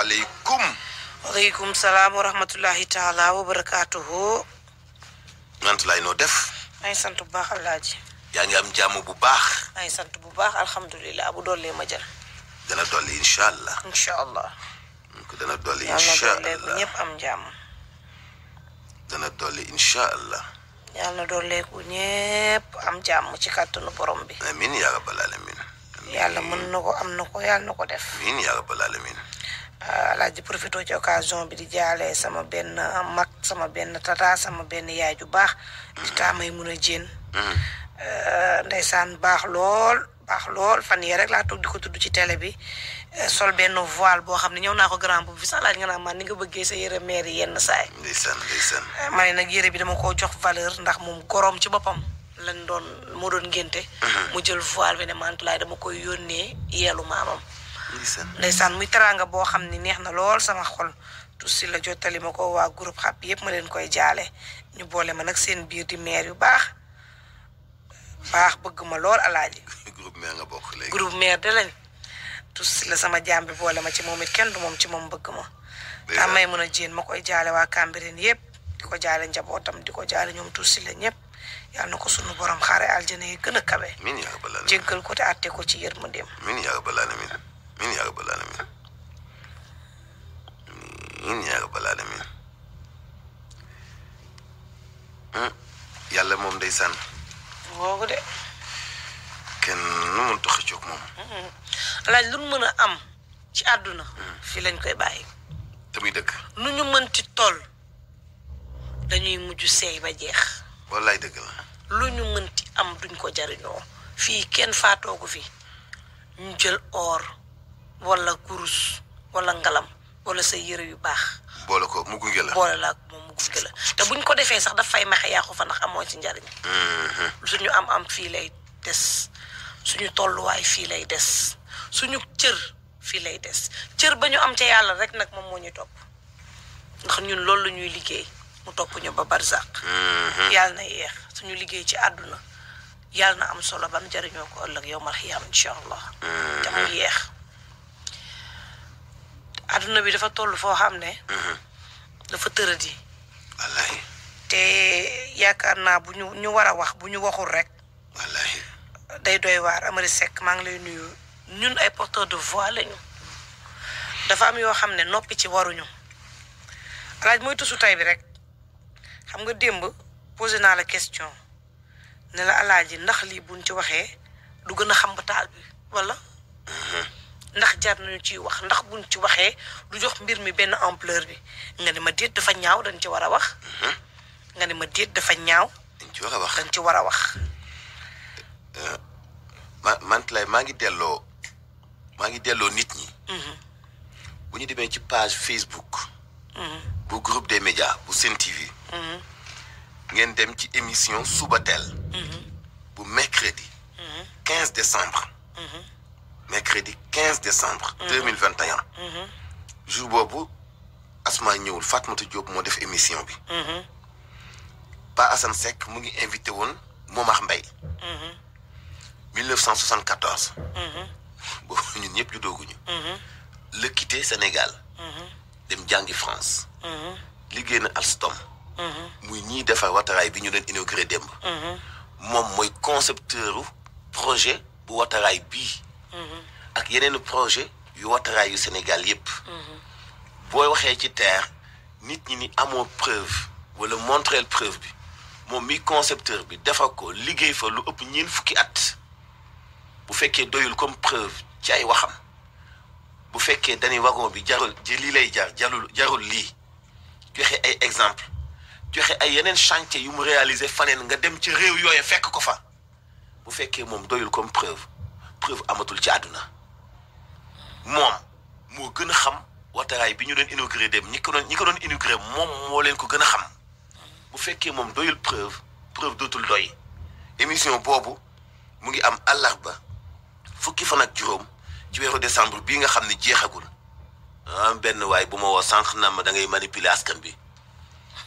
alaikum. Alaikum salam wa rahmatullahi ta'ala wa barakatuhu. lay no def. ay sant ya, bu baax alaaji. Ya nga am jamm bu baax. ay sant bu baax alhamdullilah bu dolle ma jël. dana dolle inshallah. Inshallah. Ya ko dana dolle inshallah. Ñepp am jamm. dana dolle inshallah. Yalla dolle dolleeku ñepp am jamm ci kàttanu borom bi. amin ya rabbal alamin. Yalla ya mën nako ko am nako ko nako def. amin ya rabbal alamin alaaji ah, profito ci occasion bi di jale sama ben mak sama ben tata sama ben yaay ju bax di mm. tamay muna jenn euh mm. ah, ndaysan bax lol bax lol fan yee rek la toog di ko tuddu ci télé bi ah, sol ben voile bo xamni ñew ñëw ko grand bu fi sax laaj nga na man ni nga bëggee sa yére mère yenn saay ndaysan ndaysan ma ne nag yére bi dama ko jox valeur ndax mom gorom ci bopam lañ doon mo doon ngenté mm-hmm. mu jël voile bi ne man dama koy yelu mamam ndeysaan muy teraanga boo xam ne neex na lool sama xol tuuti la jottali ma ko waa groupe xap yëpp ma leen koy jaale ñu boole ma nag seen biir di maire yu baax baax bëgg ma lool alaaji. groupe maire nga bokk léegi. groupe maire da la sama jaam bi boole ma ci moom it kenn du moom ci moom bëgg ma. ta may mën a jéen ma koy jaale waa Cambérène yëpp di ko jaale njabootam di ko jaale ñoom tuuti la ñëpp yal na ko sunu borom xaare aljana yi gën a kawe. min jéggal ko te àtte ko ci yërmandeem. min yaa rabbal amin ya rabbal alamin amin ya rabbal alamin hmm? yàlla moom day sànn woogu de kenn nu mun tax a jóg moom alaaj hmm. lu mën a am ci àdduna hmm. fii lañ koy bàyyi te muy dëgg nu ñu mënti toll dañuy mujj seey ba jeex wallaay dëgg la lu ñu mënti am duñ ko jariñoo fii kenn faatoogu fi ñu jël oor wala kurus wala ngalam wala sa yëre yu baax. boole ko mu gunge la boole la moom mu gunge la te bu ñu ko defee sax dafay fay maxe fa ndax amoo ci njariñ. Mm-hmm. suñu am-am fii lay des suñu tolluwaay fii lay des suñu cër fii lay des cër ba ñu am ca yàlla rek nag moom moo ñu topp ndax ñun loolu la ñuy liggéey mu topp ñu ba barzak. Mm-hmm. yàlla na yéex suñu liggéey ci àdduna yàlla na am solo ba mu ko ëllëg yow mal xiyaam incha allah. Mm-hmm. te mu yéex. adduna bi dafa toll foo xam ne. Mhm. dafa tëradi. wallaahi. te yaakaar naa bu ñu ñu war a wax bu ñu waxul rek. day doy waar Amary Seck maa ngi lay nuyu ñun ay porteurs de voix lañu. dafa am yoo xam ne noppi ci waruñu. alaaj mooy tusu tay bi rek xam nga démb posé naa la question ne la alaaji ndax lii buñ ci waxee du gën a xam ba taal bi wala. Mhm. ndax jar nañu ciy wax ndax buñ ci waxee du jox mbir mi benn ampleur bi nga ne ma déet dafa ñaaw dañ ci war a wax. Mhm. nga ne ma déet dafa ñaaw. dañ ci war a wax dañ ci war a wax. Euh, ma man lay maa ngi delloo maa ngi delloo nit ñi. Mhm. bu ñu demee ci page Facebook. Mhm. bu groupe des médias bu Sen TV. ngeen dem ci émission suba teel. bu mercredi. 15 décembre. mercredi 15 décembre. 2021. Mhm. Mhm. jour Asma ñëwul Fatmata Diop moo def émission bi. Mhm. Pa Assane Seck ngi invité woon Momar Mbaye. 1974. boobu ñun plus juddooguñu. Le quitter Sénégal. dem France. Ligue Alstom. muy ñiy defar wateraay bi ñu leen inauguré démb. moom mooy concepteur projet bu wateraay bi. Mm-hmm. ak yeneen projet yu wateraay yu Sénégal yépp mm-hmm. booy waxee ci terre nit ñi ni amoo preuve wala montreel preuve bi moom mi concepteur bi defar ko liggéey fa lu ëpp ñeen fukki at bu fekkee doyul comme preuve ci ay waxam bu fekkee d'ani wagon bi jarul ji lii lay jar jarul jarul lii joxe ay exemple joxe ay yeneen chantier yu mu réaliser faneen nga dem ci réew yooyu fekk ko fa bu fekkee moom doyul comme preuve preuve amatul ci àdduna moom moo gën a xam wateraay bi ñu doon inauguré dem ñi ko doon ñi ko doon inauguré moom moo leen ko gën a xam bu fekkee moom doyul preuve preuve dootul doy émission boobu mu ngi am àllarba fukki fan ak juróom ci weeru décembre bii nga xam ne jeexagul ah, benn waay bu ma woo sànq na ma da ngay manipuler askan bi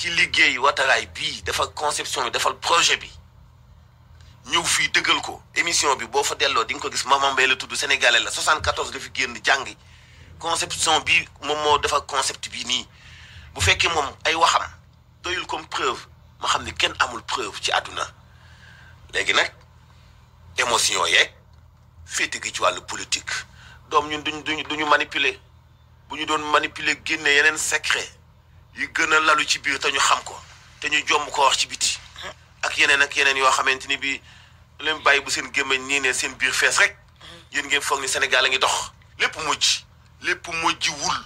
ki liggéey wataraay bii dafa conception bi defal projet bi ñëw fii dëggal ko émission bi boo fa delloo di nga ko gis Maman Mbaye la tudd sénégalais la 74 la fi génn jàngi conception bi moom moo defal concept bi nii bu fekkee moom ay waxam doyul comme preuve ma xam ne kenn amul preuve ci àdduna léegi nag émotion yeeg féete gi ci wàllu politique doom ñun duñ duñ duñu manipuler bu ñu doon manipuler génne yeneen secret yi gën a lalu ci biir te ñu xam ko te ñu jomb ko wax ci biti ak yeneen ak yeneen yoo xamante ni bii leen bàyyi bu seen gémmañ nii ne seen biir fees rek yéen ngeen foog ni senegal a ngi dox lépp mujj lépp mujj wul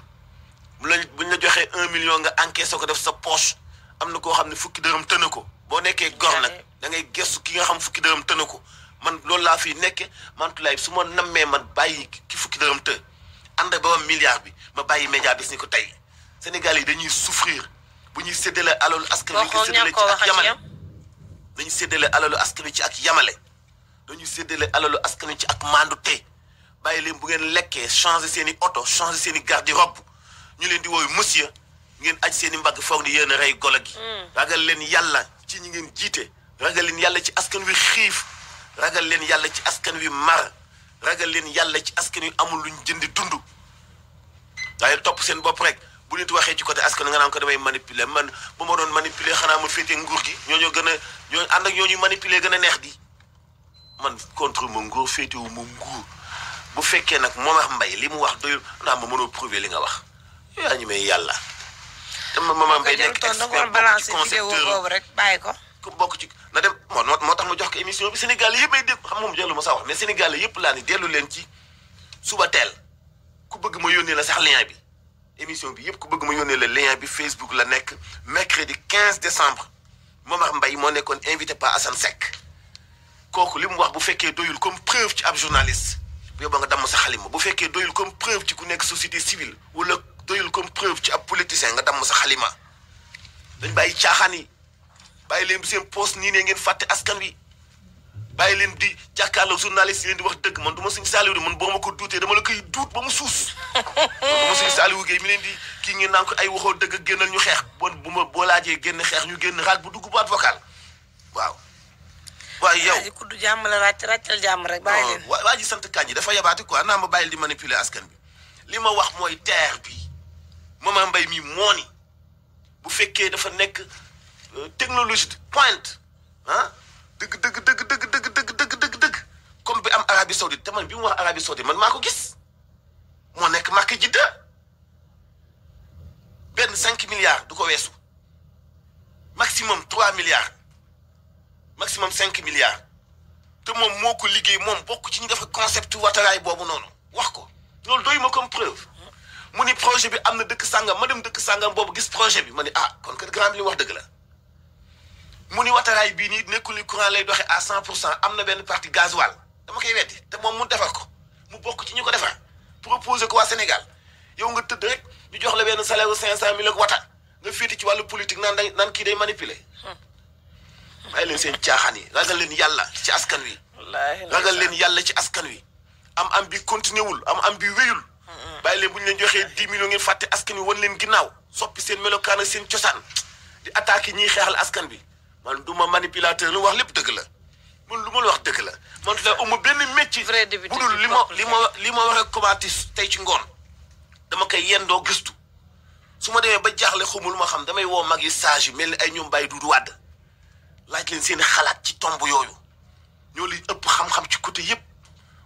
bu la buñ la joxee un million nga soo ko def sa poche am na koo xam ne fukki dërëm tëna ko boo nekkee gor nag da ngay gestu ki nga xam fukki dërëm tëna ko man loolu laa fii nekke man tulaay su ma nammee man bàyyi ki fukki dërëm të ànd ba ba milliard bi ma bàyyi média bis ni ko tey Sénégal yi dañuy souffrir bu ñuy séddalee alalu askan wi. dañuy séddale ci ak yamale dañuy séddale alalu askan wi ci ak yamale. dañuy séddale alalu askan wi ci ak maandu tey bàyyi leen bu ngeen lekkee changé seen i oto changé seen i garde-robe ñu leen di wooyu monsieur ngeen aj seeni i mbagg foog ni yéen a rey golo gi. Hmm. ragal leen yàlla ci ñi ngeen jiite. ragal leen yàlla ci askan wi xiif ragal leen yàlla ci askan wi mar ragal leen yàlla ci askan wi amul luñ jëndi tund waaye topp seen bopp rek. bu nit waxe ci côté askan nga nan ko damay manipuler man bu ma doon manipuler xana ma fété nguur gi ñoño gëna ñoo and ak ñoñu manipuler gëna neex di man contre ma nguur wu ma nguur bu fekkee nak mo wax mbay limu wax do na ma mëno prouver li nga wax ya ñu may yalla dama ma mama mbay nek expert bokk ci concepteur boobu rek bay ko ku bok ci na dem mo mo tax mu jox ko émission bi sénégal yépp ay dégg xam mom jëlu ma sa wax mais sénégal yépp la ni dellu len ci suba tel ku bëgg ma yoni la sax lien bi émission bi ma lien bi Facebook la mercredi 15 décembre Je Mbaye invité par Assane Seck kooku li wax bu doyul comme preuve ci ab journaliste bu nga sa xalima bu comme preuve ci ku société civile wala doyul comme preuve ci ab politicien nga sa xalima dañ poste ne ngeen bàyyi leen di jàkkaarloo journaliste yi leen di wax dëgg man du ma sëñ Saliou man boo ma ko duutee dama la koy duut ba mu suus man du ma mi leen di kii ngeen naan ko ay waxoo dëgg ak génnal ñu xeex bon bu ma boo laajee génn ñu génn raag bu dugg bu vocal waaw waaye yow du jàmm la rat ràccal jàmm rek bàyyi leen waa ji sant kañ yi dafa yabaati quoi naa ma di manipuler askan bi lima ma wax mooy terre bi mama mbay mi moni bu fekkee dafa nekk euh, technologie de pointe ah dëgg dëgg dëgg dëgg dëgg dëgg dëgg dëgg comme bi am Arabie Saoudite te man bi mu wax Arabie Saoudite man maa ko gis moo nekk Màkka Jidda benn cinq milliards du ko weesu maximum trois milliards maximum cinq milliards te moom moo ko liggéey moom bokk ci ñu dafa concept wateraay boobu noonu wax ko loolu doy ma comme preuve mu ni projet bi am na dëkk sàngam ma dem dëkk sàngam boobu gis projet bi ma ni ah kon kat grand bi wax dëgg la mu ni wateraay bii nii nekkul ni courant lay doxee à cent pour cent am na benn partie gasoil dama koy weddi te moom mu defar ko mu bokk ci ñu ko defar proposé ko waa Sénégal yow nga tëdd rek ñu jox la benn salaire cinq cent mille ak wata nga féete ci wàllu politique naan dañ naan kii day manipuler bàyyi leen seen caaxaan yi ragal leen yàlla ci askan wi ragal leen yàlla ci askan wi am am bi continué wul am am bi wéyul bàyyi leen bu ñu leen joxee dix millions ngeen fàtte askan wi wan leen ginnaaw soppi seen melokaan ak seen cosaan di attaqué ñiy xeexal askan bi man du ma manipulateur lu wax lépp dëgg la man lu ma la wax dëgg la man la amul benn métier bu dul li ma li ma li ma wax ak combatis tey ci ngoon dama koy yendoo gëstu su ma demee ba jaaxle xamul lu ma xam damay woo mag yi sage yu mel ni ay ñoom bàyyi duudu wàdd laaj leen xalaat ci tomb yooyu ñoo li ëpp xam-xam ci côté yëpp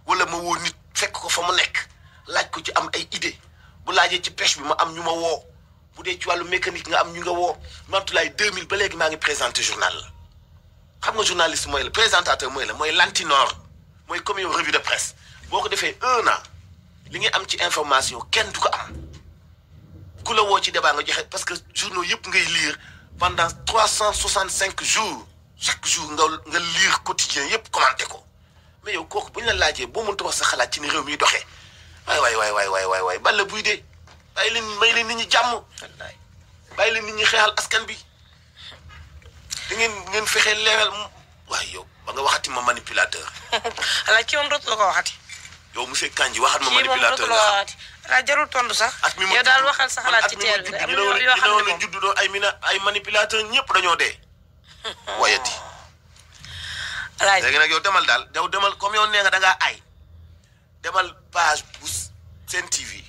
wala ma woo nit fekk ko fa mu nekk laaj ko ci am ay idée bu laajee ci pêche bi ma am ñu ma woo bu dee ci walu mécanique nga am ñu nga wo Mantoulaye 2000 ba légui maa ngi présenter journal xam nga journaliste moy le présentateur moy la moy lantinoor mooy comme yow revue de presse boko défé 1 an li nga am ci information kenn du ko am ku la wo ci débat nga joxé parce que journaux yépp ngay lire pendant 365 jours chaque jour nga nga lire quotidien yépp commenter ko mais yow kooku buñ la lajé boo mënut a wax sa xalaat ci ni réew mi doxé waay waay waay waay waay waay waay balla buy dé bàyyi leen may leen nit ñi jàmm bàyyi leen nit ñi xeexal askan bi di ngeen ngeen fexe leeral waaye yow ba nga waxati ma manipulateur. ala kii moom rot la ko waxati. yow monsieur kanji waxat ma manipulateur nga xam kii jarul tontu sax. yow daal waxal sax laati ci teel bi am yoo yoo xam ne moom judd doon ay mina ay manipulateur ñepp dañoo dé wayati. alaay léegi nag yow demal daal yow demal comme yow nee nga da ngaa ay demal page bu seen TV.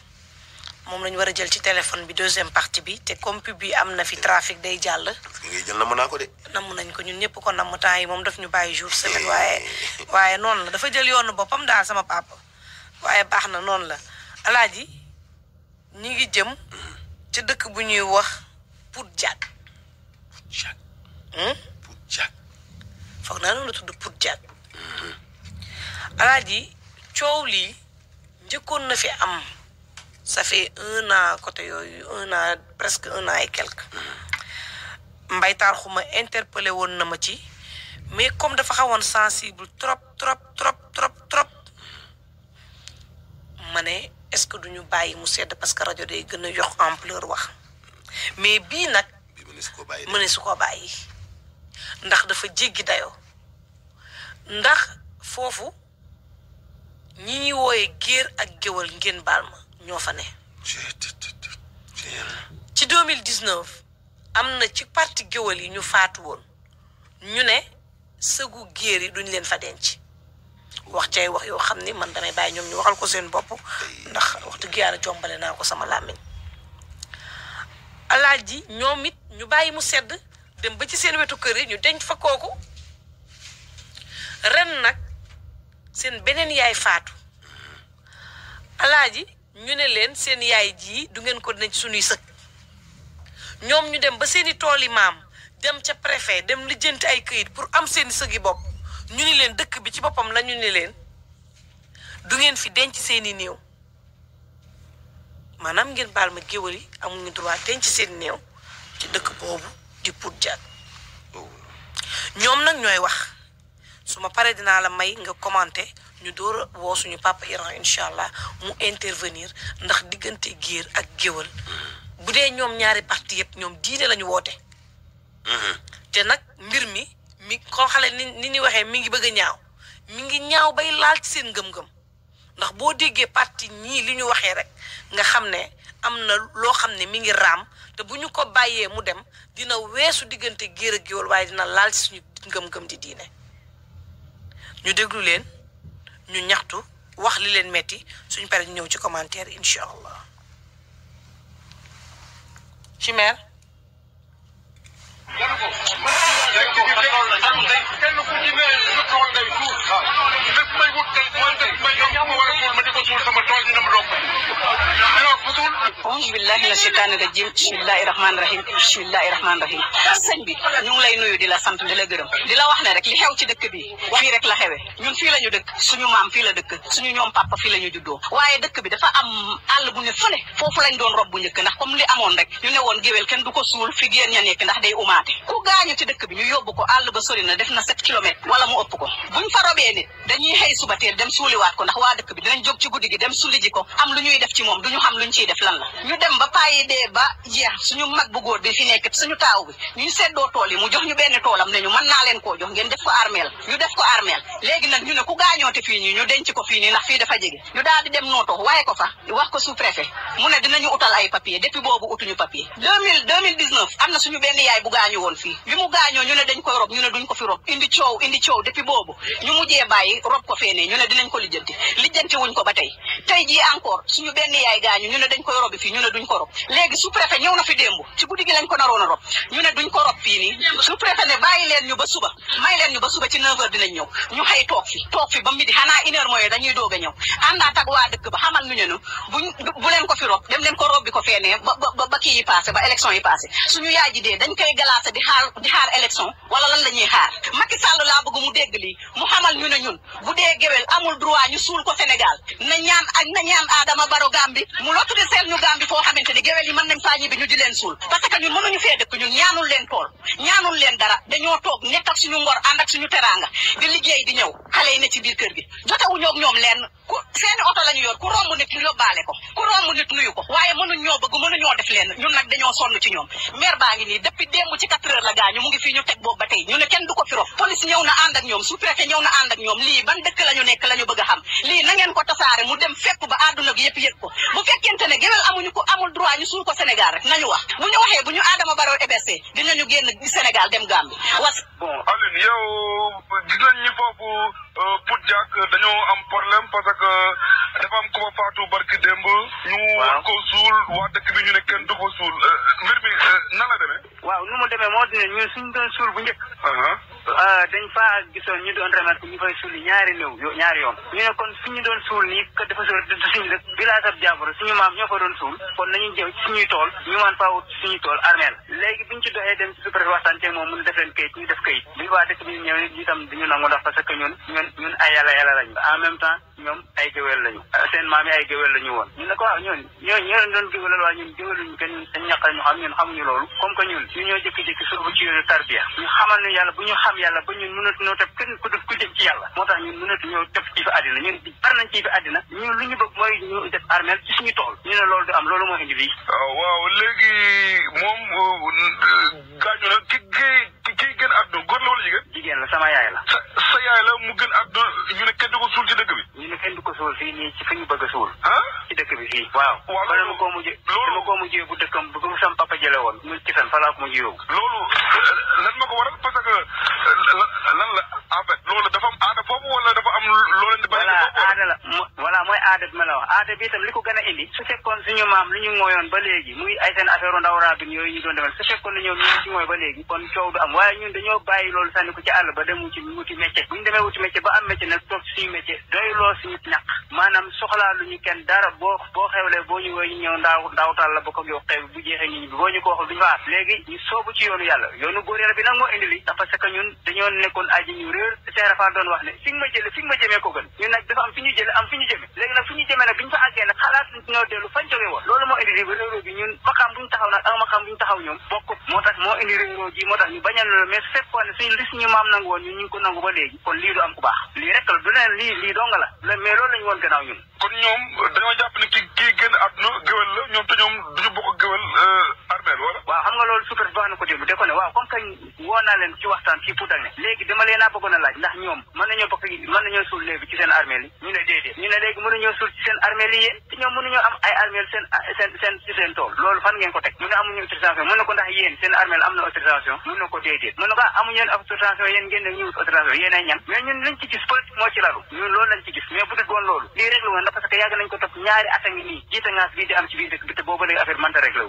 moom lañu war a jël ci téléphone bi deuxième partie bi te comme bi am na fi trafic day jàll. ngay jël namm ko de. namm nañ ko ñun ñëpp ko namm temps yi moom daf ñu bàyyi jour semaine eh. waaye waaye noonu la dafa jël yoonu boppam daal sama papa waaye baax na noonu la alaaji ñi ngi jëm ci dëkk bu ñuy wax Pout Diack. Pout Diack. Hmm? foog naa noonu la tudd Pout Diack. Hmm. alaaji coow lii njëkkoon na fi am. ça fait un an côté un an presque un an et quelque mbaytaar xuma interpellé won na ma ci mais comme dafa xawone sensible trop trop trop trop trop mané est ce que duñu bayyi mu sedd parce que radio day gëna yox ampleur wax mais bii nag mëne su ko bayyi ndax dafa jéggi dayo ndax fofu ñi ñi woyé géer ak géwal ngeen balma ñoo fa ne. ci mille 2019 am na ci parti géwël yi ñu faatu woon ñu ne sëgu géer yi duñ leen fa denc. wax cay wax yoo xam ni man danay bàyyi ñoom ñu waxal ko seen bopp ndax waxtu giyaana jombale naa ko sama làmmiñ alaaj ji ñoom it ñu bàyyi mu sedd dem ba ci seen wetu kër yi ñu denc fa kooku ren nag seen beneen yaay faatu alaaji ñu ne leen seen yaay ji du ngeen ko denc suñuy sëkk ñoom ñu dem ba seeni tooli maam dem ca préfet dem lijjanti ay këyit pour am seeni sëgi bopp ñu ni leen dëkk bi ci boppam la ñu ne leen du ngeen fi denc seeni néew maanaam ngeen baal ma géwël yi amuñu droit denc seen néew ci dëkk boobu di Pout Diack oh. ñoom nag ñooy wax su ma paree dinaa la may nga commenter ñu door a woo suñu papa Iran incha allah mu intervenir ndax diggante géer ak géwal mm-hmm. bu dee ñoom ñaari parti yëpp ñoom diine la ñu woote. Mm-hmm. te nag mbir mi mi koo xale ni ni ñuy waxee mi ngi bëgg ñaaw mi ngi ñaaw bay laal ci seen ngëm-ngëm ndax boo déggee parti ñii li ñu waxee rek nga xam ne am na loo xam ne mi ngi raam te bu ñu ko bàyyee mu dem dina weesu diggante géer ak géwal waaye dina laal ci suñu ngëm-ngëm di diine ñu déglu leen. ñu ñaxtu wax li leen metti suñ paree ñu ñëw ci commentaire incha allah chimère billahi la sheytaani rajim bismillahi rahmaani rahim bismillahi rahmaani rahim sëñ bi ñu ngi lay nuyu di la sant di la gërëm di la wax ne rek li xew ci dëkk bi fii rek la xewe ñun fii la ñu dëkk suñu maam fii la dëkk suñu ñoom papa fii la ñu juddoo waaye dëkk bi dafa am àll bu ne fële foofu lañ doon rob bu njëkk ndax comme li amoon rek ñu ne woon géwél kenn du ko suul fi géen ña nekk ndax day umaa faate ku gaañu dëkk bi ñu yóbbu ko àll ba sori na def na sept kilomètres wala mu ëpp ko buñ fa robee nit dañuy xëy suba teel dem suuliwaat ko ndax waa dëkk bi dinañ jóg ci guddi gi dem sulli ji ko am lu ñuy def ci moom mu jox ñu benn toolam ne ñu mën naa leen koo jox ngeen def ko armeel ñu def ko armeel léegi nag ñu ne ku gaañoote fii nii ñu denc ko fii nii ndax fii dafa jege ñu daal di dem nooto waaye ko fa wax ko sous préfet mu ne dinañu utal ay gaañu woon fii bi mu gaañoo ñu ne dañ koy rob ñu ne duñ ko fi rob indi coow indi coow depuis boobu ñu mujjee bàyyi rob ko feenee ñu ne dinañ ko lijjanti lijjanti wuñ suñu benn yaay gaañu ñu ne dañ koy robi fii ñu ne ko rob léegi su préfet ñëw na fi démb ci ko naroon a rob ñu ne duñ ko rob fii nii su préfet ne bàyyi leen ñu ba suba may leen ñu ba suba ci 9 dinañ ñëw ñu xëy toog fi toog fi ba midi xanaa une mooy dañuy doog a ñëw àndaat ak waa dëkk ba xamal ñu ne bu leen ko fi rob dem leen ko rob bi ko feenee ba ba yi passé ba élection yi passé suñu yaay ji dee dañ koy lancé di xaar di xaar élection wala lan la ñuy xaar Macky Sall laa bëgg mu dégg lii mu xamal ñu ne ñun bu dee géwél amul droit ñu suul ko Sénégal na ñaan ak na ñaan Adama Baro Gambi mu lottudi seen ñu Gambi foo xamante ni géwél yi man nañ faa ñibbi ñu di leen suul parce que ñun mënuñu fee dëkk ñun ñaanul leen tool ñaanul leen dara dañoo toog nekk ak suñu ngor ànd ak suñu teraanga di liggéey di ñëw xale yi ne ci biir kër gi jotewuñoog ñoom leen ku seen oto la ñu ku romb nit ñu yóbbaale ko ku romb nit nuyu ko waaye mënuñ bëgg mënuñoo def leen ñun nag dañoo sonn ci ñoom maire baa ngi nii depuis démb ci quatre heures la gaañu mu ngi fii ñu teg boobu ba tey ñu ne du ko fi police ñëw na ànd ak ñoom sous-préfet ñëw na ànd ak ñoom lii ban dëkk la nekk la bëgg a xam lii na ko tasaare mu dem fépp ba àdduna yëpp yëg ko bu fekkente ne géwél amuñu ko amul droit ñu suul ko Sénégal Euh, Pout Diack dañoo am problème parce que dafa am ku fa faatu barki démb. ñu war ko suul waa dëkk bi ñu ne kenn du ko suul euh, mbir mi euh, nan la demee. waaw nu mu demee moo di ne ñun suñ doon suul bu njëkk. Uh-huh. Ah, dañ faa gisoon ñu doon remercié ñu fay suul ñaari néew ñaari yoon ñu ne kon ñun ah, ñu ne doon géwélal waaye ñun géwéluñu kenn ñun dañ ñu xam ñun xamuñu loolu comme que ñun ñu ñoo jëkki-jëkki surbu ci tarbiya ñu xamal ñu yàlla bu ñu xam yàlla ba ñun mënatu ñoo def kenn ku def ku jëm ci yàlla moo tax ñun mënatu ñoo def ci fi àddina ñun bari nañ ci fi àddina ñun lu ñu bëgg mooy ñu def armeel ci suñu tool ñu am loolu moo indi lii ah, waaw léegi moom euh, gaañu na ki ki kii gën àdduna góor la wala jigéen. jigéen la sama yaay la. sa sa yaay la mu gën àdduna ñu ne kenn du ko suul ci dëkk bi. ñu ne kenn du ko suul fii nii ci ñu bëgg a suul. ah ci dëkk bi fii. waaw waaw loolu dama koo ma la en fait loolu dafa am aada foofu wala dafa am loo leen di. bëri foofu wala aada la voilà mooy aada bi ma la wax aada bi itam li ko gën a su fekkoon maam lu ñu mooyoon ba léegi muy ay seen affaire ndaw raabin yooyu ñu doon defal su fekkoon ne ñoom ñu ci waaye ñun dañoo bàyyi loolu sànni ko ci àll ba dem ci wuti métier bu ñu demee wuti métier ba am métier nag toog suñu métier doyloo suñu ñaq ñu kenn dara boo boo boo ñu woy ñëw ndaaw ndaawtal la ba ko yow xew bu jeexee nit ñi bi boo ñu ko waxul nag am fi bu ñu taxaw ñoom bokkut moo tax moo indi réew ji moo tax ñu bañal Euh, mais su fekkoon ne suñu li suñu maam nangu woon ñu ngi ko nangu ba léegi kon lii du am ku baax lii rek la du leen lii lii donga la mais loolu lañu woon gannaaw ñun kon ñoom dañoo jàpp ne ki kii génn àdduna géwél la ñoom te ñoom duñu bokk géwél euh, armée wala waaw super bi wax ko démb de ko ne waaw comme kañ woo naa leen ci waxtaan ci puudar ne léegi dama leen a bëggoon a laaj ndax ñoom mën nañoo bokk mën nañoo suul léegi ci seen armée li ñu ne déedéet ñu ne léegi mënuñoo suul ci seen armée am ay armée seen seen seen ci seen tool fan ngeen ko teg ñu ne amuñu autorisation am ah, ne ñu autorisation yéen ko topp ñaari at a am ci biir dëkk bi te boobu léegi affaire mënta réglé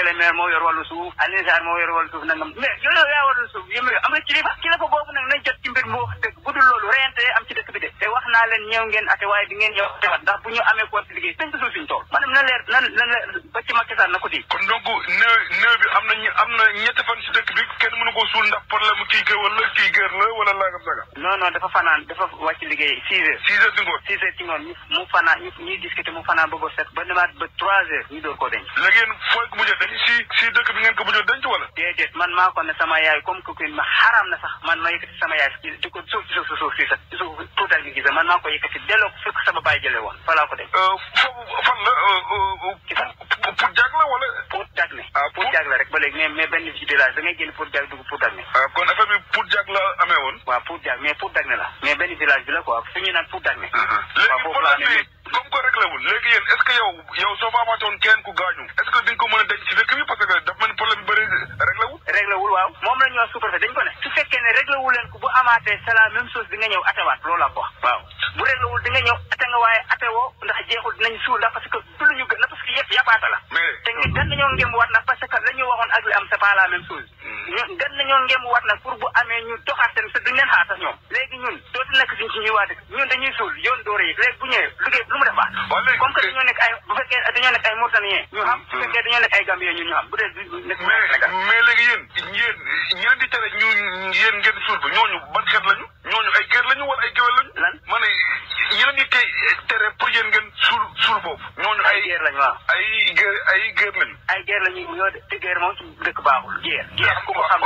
monsieur le maire moo yor wàllu suuf Alioune moo yor suuf nangam mais loolu yaa warlu suuf yëpp am na kilifa kilifa boobu nag nañ ci mbir mu wax dëgg bu dul loolu reyante am ci dëkk bi de te wax naa leen ñëw ngeen ate waaye di ngeen ñëw ndax bu ñu amee ko ci liggéey dañ suñu tool maanaam na leer nan na leer ba ci na ko di kon donc néew néew bi am na ñu am na ñetti fan si dëkk bi kenn mënu ko ndax problème la mu fanaan ñuy discuter mu fanaan léegi si si dëkk bi ngeen ko bu ñëw denc wala man maa ko ne sama yaay comme que ma xaraam na sax man ma yëkkati sama yaay di ko suuf si suuf si suuf si sax si suuf tuutal gi gisa man maa ko yëkkati delloo fekk sama baay jële woon falaa ko def euh, foofu fan la euh, euh, pour jag la wala pour jag ne ah pour jag la rek ba léegi mais mais benn ci village da ngay génn pour jag dugg pour jag ne ah kon affaire bi pour jag la amee woon waaw pour jag mais pour jag ne la mais benn village la quoi fi ñu ba mu ko réglé wul léegi yéen est-ce que yow yow soo fa amatoon keneen ku gaañu est-ce que di a denc ci dëkk bi daf mel ni problème bi bëri wul réglé wul waaw moom la ñu wax sous-préfet dañ ko ne su fekkee ne réglé wul leen ko bu la même chose di nga ñëw atewaat loolu laa ko wul di nga ñëw nga waaye ate woo ndax jeexul dinañ suul ndax parce que du lu ñu gën na parce que dan nañoo ngémb waat ndax parce que la ñu waxoon am c'est pas la ñu gën nañoo ngem war nag pour bu amee ñu doxaat seen sëñ duñ leen xaar sax ñoom léegi ñun dootu nekk suñ si ñuy waa dëkk ñun dañuy suul yoon dóore yi léegi bu ñëwee liggéey lu mu def baax comme que dañoo nekk ay bu fekkee dañoo nekk ay Mauritaniens ñu xam bu hmm. fekkee dañoo nekk ay Gambien ñun ñu xam bu dee nekk Sénégal mais léegi yéen yéen ñeen di tere ñu yéen ngeen suul bi ñooñu ban xeet lañu ñooñu ay géer lañu wala ay géwél lañu. lan ma ne yéen ngi koy tere pour yéen ngeen suul suul boobu. ñooñu ay géer lañu waaw. ay géer ay géer lañu. ay géer lañu ñoo de te géer moom ci dëkk baaxul géer. géer ku ko xam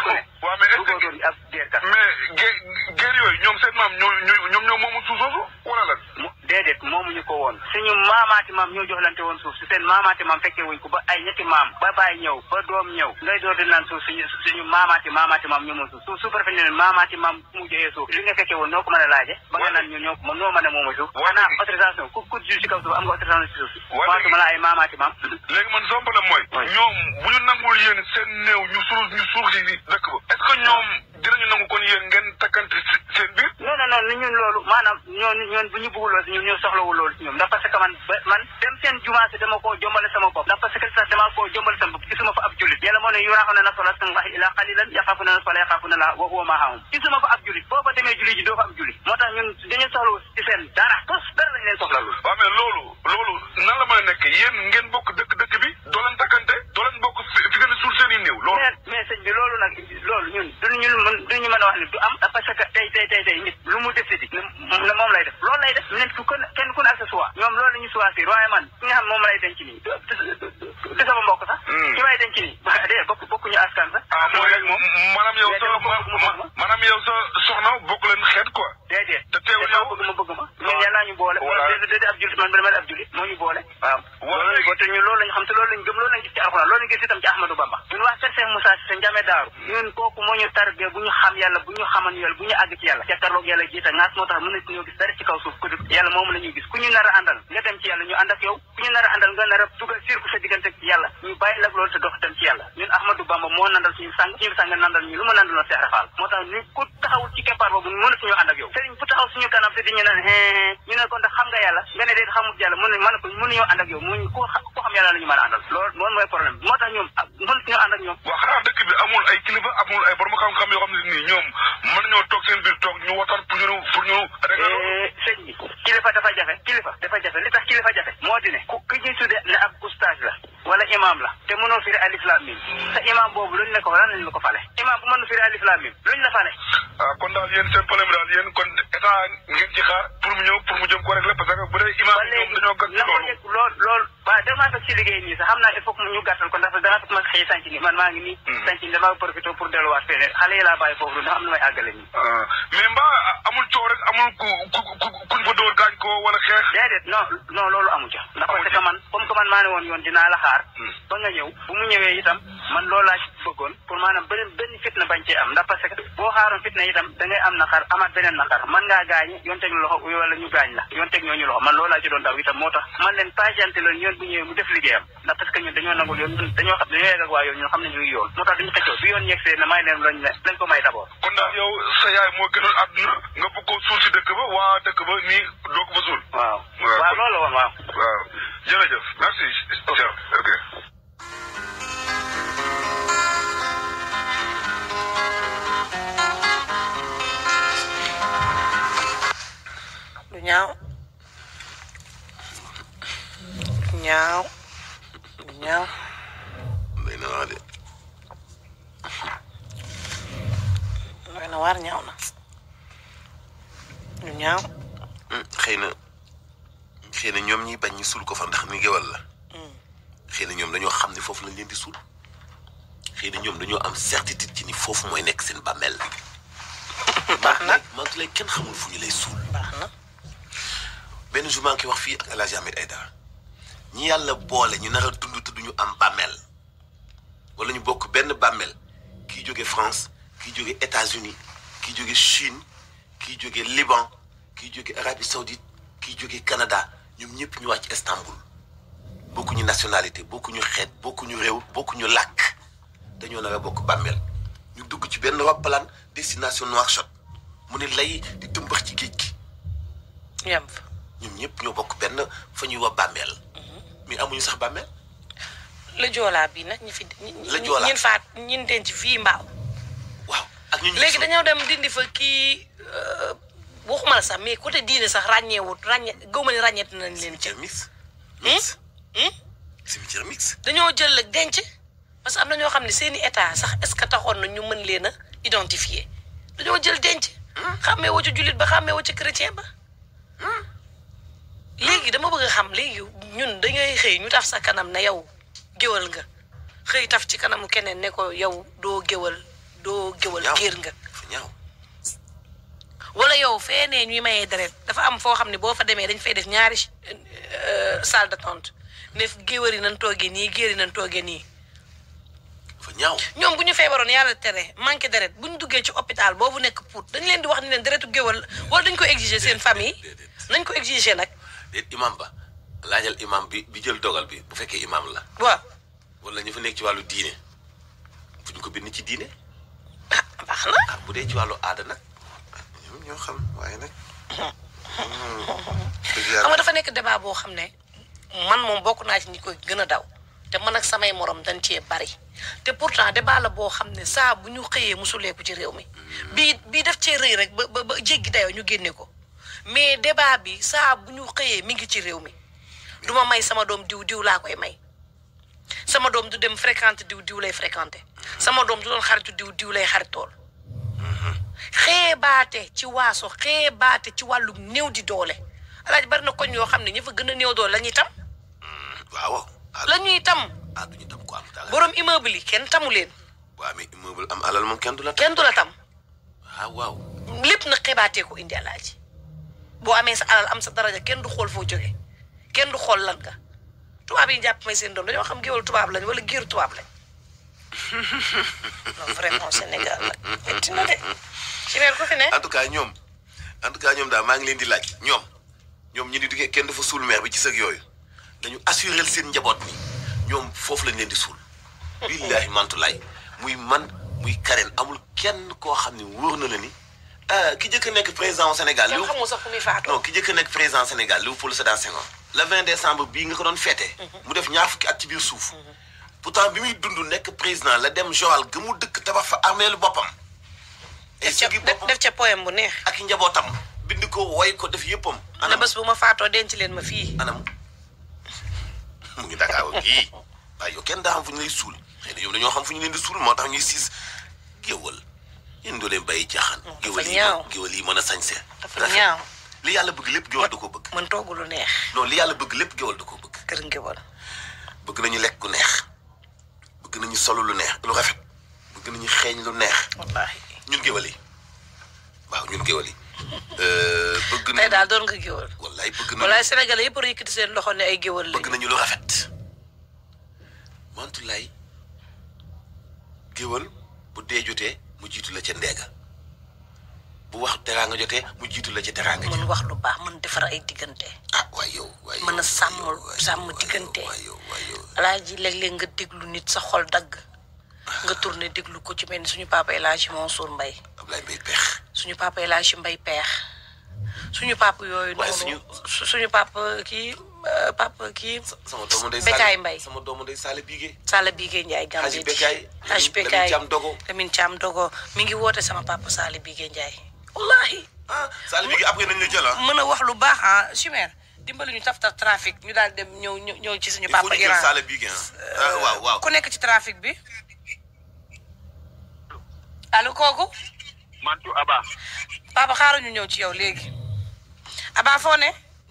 waaw mais est-ce que ak dee tax mais gée géer yooyu ñoom seen maam ñoo ñoom ñoo moomu suuf soosu wala lan. déedéet moomuñu ko woon suñu maamaati maam ñoo joxlante woon suuf su seen maamaati maam fekkee wuñ ko ba ay ñetti ba bàyyi ñëw ngay door di naan suuf suñu suñu maamaati maamaati maam ñoo moom suuf suuf su ko defee ne maamaati maam fu mu joxee suuf li nga fekkee woon noo ko mën a laaje ba nga naan ñu ñoo ko noo mën a moomu suuf xanaa autorisation ku ku ju si kaw suuf am nga autorisation si ma la ay est-ce que ñoom dinañu nangu kon yéen ngeen takkante seen biir. non non ñun loolu maanaam ñooñu ñoon bu ñu bëgg si ñun ñoo soxlawul loolu si ñoom ndax parce que man ba man dem seen jumaa si dama koo jombale sama bopp. ndax parce que sax dama koo jombale sama bopp gisuma fa ab jullit. yàlla moo ne yuraaxuuna solatan illaa qaliilan yaxaafuuna wa huwa maahum gisuma fa ab jullit boo fa demee jullit ji doo fa ab jullit. moo tax ñun dañu soxlawu si seen dara tos dara lañ leen soxla loolu. waaw mais loolu loolu la mën a nekk yéen ngeen bokk dëkk dëkk bi doo doo leen bokk fi ngeen suul seen i néew loolu loolu ñun duñu mën duñu mën a wax ne du am parce que tey tey tey tey nit lu mu décide ne moom lay def loolu lay def nit ku kon kenn ku ne ak sa choix ñoom loolu la ñu choisir waaye man ki nga xam moom lay denc nii du sama mbokk sax hmm. ki may denc nii dee bokk bokkuñu askan sax moom maanaam yow so maanaam yow so soxna bokk leen xeet quoi déedéet te teewul yow bëgg ma bëgg ma ñun ah. yàlla ñu boole déedéet ab julit man ba dama ab julit moo ñu boole waaw ah. te ñun loolu lañ xam te loolu lañ gëm loolu lañ gis ci alxuraan loolu lañ gis itam ci Ahmadou Bamba bu ñu wax Cheikh Cheikh Moussa Cissé njame daaru ñun koku moo ñu tarbiya bu ñu xam yalla bu ñu xaman yàlla bu ñu àgg ci yàlla jàkkaarloog yalla jiite ngaas moo tax mënati ñoo gis dara ci kaw suuf ko dul yàlla moom la gis ku ñu nara andal nga dem ci yalla ñu ànd ak yow ku ñu nara andal nga nara a dugal sirku sa diggante ci yalla ñu bàyyi lag lool te dox tam ci yalla ñun Ahmadou Bamba mo nandal suñu sang ci sang nandal ñu luma nandal Cheikh Rafal moo tax ni ku taxaw ci keppaar boobu mënatu ñoo ànd ak yow sëriñ bu taxaw suñu kanam te di ñu nan hee ñu ne ko ndax xam nga yalla nga ne déet xamut yàlla mën man ko mënuñoo ànd ak yow mu ko xam yalla lañu mëna andal lool àndal loolu mooy problème moo tax ñoom ah, mënatu ñoo ànd ak ñoom waaw xanaa dëkk bi amul ay kilifa amul ay borom xam-xam yoo xam ne nii ñoom mën ñoo toog seen biir toog ñu waxtaan pour ñu pour ñu eh, sëñ bi kilifa dafa jafe kilifa dafa jafe li tax kilifa jafe moo di ne ku ki ñuy tuddee ne ab oustaz la wala imam la te mënoo firi alif laam miim te imam boobu luñ ne ko lan lañ la ko fale imam bu mënu firi alif laam miim luñ la fale ah kon daal yéen seen problème daal yéen kon état ngeen ci xaar pour mu ñëw pour mu jëm ko rek la parce que bu dee imam ñoom dañoo gàtt loolu loolu waaw damaa ko ci liggéey nii sax xam naa il faut que ñu gàttal ko ndax dana ma xëy sañ sanc ni man maa ngi nii mm. sanc ni damaa profité pour delluwaat feneen xale yi laa bàyyi foofu lu am lu may àggale nii ah. mais mbaa amul coow rek amul ku ku kuñ fa dóor gaañ ko wala xeex déedéet non non loolu amu ca ndax parce que man comme que man maa ne woon yoon dinaa la xaar mm. ba nga ñëw bu mu ñëwee itam man loolu laa ci bëggoon pour maanaam beneen benn fitna bañ cee am ndax parce que boo xaaroon fitna itam da ngay am naqar amaat beneen naqar man ngaa gaañi yoon teg loxo wala ñu gaañ la yoon teg ñooñu loxo man loolu laa ci doon daw itam moo tax man leen pajante loon yoon bu ñëwee mu def liggéeyam ndax parce que ñun dañoo nangul yoon dañoo xam dañoo yegg ak waa yoon yow ñoo xam ne ñu ngi yoon moo tax duñu xëccoo bi yoon yegsee na may leen lañ ne nañ ko may d'abord kon daal yow sa yaay moo gënal àdduna nga bëgg ko suul si dëkk ba waa dëkk ba nii doo ko fa suul waaw waaw loolu woon waaw waaw na de. doy na waar ñaaw na. ñu ñaaw. xëy na ñoom ñi bañ ñu suul ko fa ndax mi géwal la. Hmm. xëy na ñoom dañoo xam ne foofu lañ leen di suul. xëy na ñoom dañoo am certitude ci ni foofu mooy nekk seen bàmmeel. baax na Mantoulaye lay kenn xamul fu ñu lay suul. baax na. benn jour maa wax fii ak El Hadj Ahmed ñi yàlla boole ñu nar a dund te duñu am bàmmeel. wala ñu bokk benn bàmmeel kii jóge France kii jóge États-Unis kii jóge Chine kii jóge Liban kii jóge Arabie Saoudite kii jóge Canada ñoom ñëpp ñu wàcc Istanbul bokku ñu nationalité bokku bokkuñu xeet bokkuñu réew ñu làkk dañoo nar a bokk bàmmeel ñu dugg ci benn roppalaan destination Nouakchott mu ne lay di tëmbax ci géej gi. yem fa ñoom ñëpp ñoo bokk benn fa ñuy wax bàmmeel. Mhm. mais amuñu sax bàmmeel. la joolaa bi nag ñi fi. la joolaa ñin faat ñin fii mbaaw. waaw ak léegi dañoo dem dindi fa kii euh, waxuma la mais côté diine sax ràññeewut ràññe gëw ma ne ràññeet nañ leen. cimetière mix. Hmm? mix hmm? dañoo jël ak denc parce que am na ñoo xam ne seen i état sax est ce que taxoon na ñu mën leen a identifier dañoo jël denc. Hmm? xàmmee woo ci julit ba xàmmee woo ci chrétien ba. léegi dama bëgg xam léegi ñun dañuy xëy ñu taf sax kanam na yow. géwal nga xëy taf ci kanamu keneen nekkoo ko yow doo géwal doo géwal géer nga wala yow nee ñuy mayee deret dafa am foo xam ne boo fa demee dañ fay def ñaari euh, euh, salle d'attente ne géwal yi nañ toogee nii géer yi nañ toogee nii ñaaw ñoom bu ñu feebaroon yàlla tere manqué deret bu ñu duggee ci hôpital boobu nekk pour dañ leen di wax ni leen deretu géwal wala dañ ko exiger seen famille nañ ko exiger nag. déet imam ba laajal imam bi bi jël dogal bi bu fekkee imam la. wala ñu fa nekk ci wàllu diine fu ñu ko bind ci diine ah baax ah, bu dee ci wàllu aada nag hmm. dafa nekk débat boo xam ne man moom bokk naa ci ñi koy gën a daw te man ak samay morom dañ cee bari te pourtant débat la boo xam ne saa bu ñu xëyee musuleeku ci réew mi hmm. bii bi def cee rek ba ba jéggi dayoo ñu génne ko mais débat bi saa bu ñu xëyee mi ngi ci réew mi duma may sama doom diw diw laa koy may sama doom du dem fréquente diw diw lay fréquenté sama doom du doon xaritu diw diw lay xaritool xeebaate ci waaso xeebaate ci wàllum néew di doole alaaj bari na koñ yoo xam ne ñi fa gën a néew doole la ñuy tam hmm, waaw la ñuy tam ah, borom immeuble yi kenn tamu leen waaw mais immeuble am alal moom kenn du la tam kenn du la tam ah, waaw lépp na xeebaatee ko indi alaaji boo amee sa alal am sa daraja kenn du xool foo jóge kenn du xool lan nga tubaab yi jàpp may seen doom dañoo xam géwal tubaab lañ wala géer tubaab lañ non vraiment Sénégal nag métti na de ci weer ku fi ne. tout cas ñoom en tout cas ñoom daal maa ngi leen di laaj ñoom ñoom ñu di duggee kenn dafa suul meer bi ci sëg yooyu dañu assuré seen njaboot bi ñoom foofu lañ leen di suul. billaahi mantulaay muy man muy Karen amul kenn koo xam ne wóor na la ni. Euh, ki njëkk nekk président au Sénégal. yow xamul sax fu muy faatoo ki njëkk a nekk président Sénégal Léopold Sédar Senghor. le 20 décembre bii nga ko doon féete. Mhm. mu def ñaar ki at ci biir suuf. Mhm. pourtant bi muy dund nekk président la dem Joal ga mu dëkk tabax fa armeelu boppam. def ca def ca poème bu neex. ak njabootam bind ko woy ko def yëppam. anam bés bu ma faatoo denc leen ma fii. anam mu ngi Dakar kii waaye yow kenn daa xam fu ñu lay suul xëy ne yow dañoo xam fu ñu leen di suul moo tax ñuy siis géwël. yéen doo leen bàyyi jaaxaan. Mm, dafa ñaaw yi mën a sañse. dafa ñaaw li yàlla bëgg lépp géwél du ko bëgg. man toogu lu neex. non li yàlla bëgg lépp géwél du ko bëgg. kër ngéwél. bëgg nañu lekk lu neex. bëgg nañu solo lu neex lu rafet. bëgg nañu xeeñ lu neex. wallaahi ñun géwél yi waaw ñun géwél yi. Euh, bëgg nañu tey daal doon nga géwél. wallaay bëgg nañu wallaay sénégalais yëpp seen loxo ne ay géwél lañu. nañu lu rafet. Mantoulaye géwél bu dee mu jiitu la ca ndeega bu wax teraanga jotee bu jiitu la ca teraanga mën wax lu baax man defar ay diggante ah waay a sàmm sàmm diggante alaaji léeg-léeg nga déglu nit sa xol dagg nga tourné déglu ko ci mel ni suñu papa El Hadji Mansour Mbaye Ablaye mbay Peex suñu papa kii Euh, papa kii. sama doomu ndey Bécaye Mbaye sama doomu ndey Sala Bigué. Sala Bigué Ndiaye Gambie. Haji Bécaye Haji Bécaye Lamine Thiam Dogo. Lamine mi ngi woote sama papa Sala Bigué Ndiaye. wallaahi. ah Sala Bigué après nañ la jël ah. mën a wax lu baax ah Chimère dimbali ñu taf taf trafic ñu daal dem ñëw ñëw ci suñu papa. Iran il faut ñu jël Sala ah. ah, euh, waaw waaw. ku nekk ci trafic bi. allo kooku. Mantou Aba. papa xaaral ñu ñëw ci yow léegi. Aba foo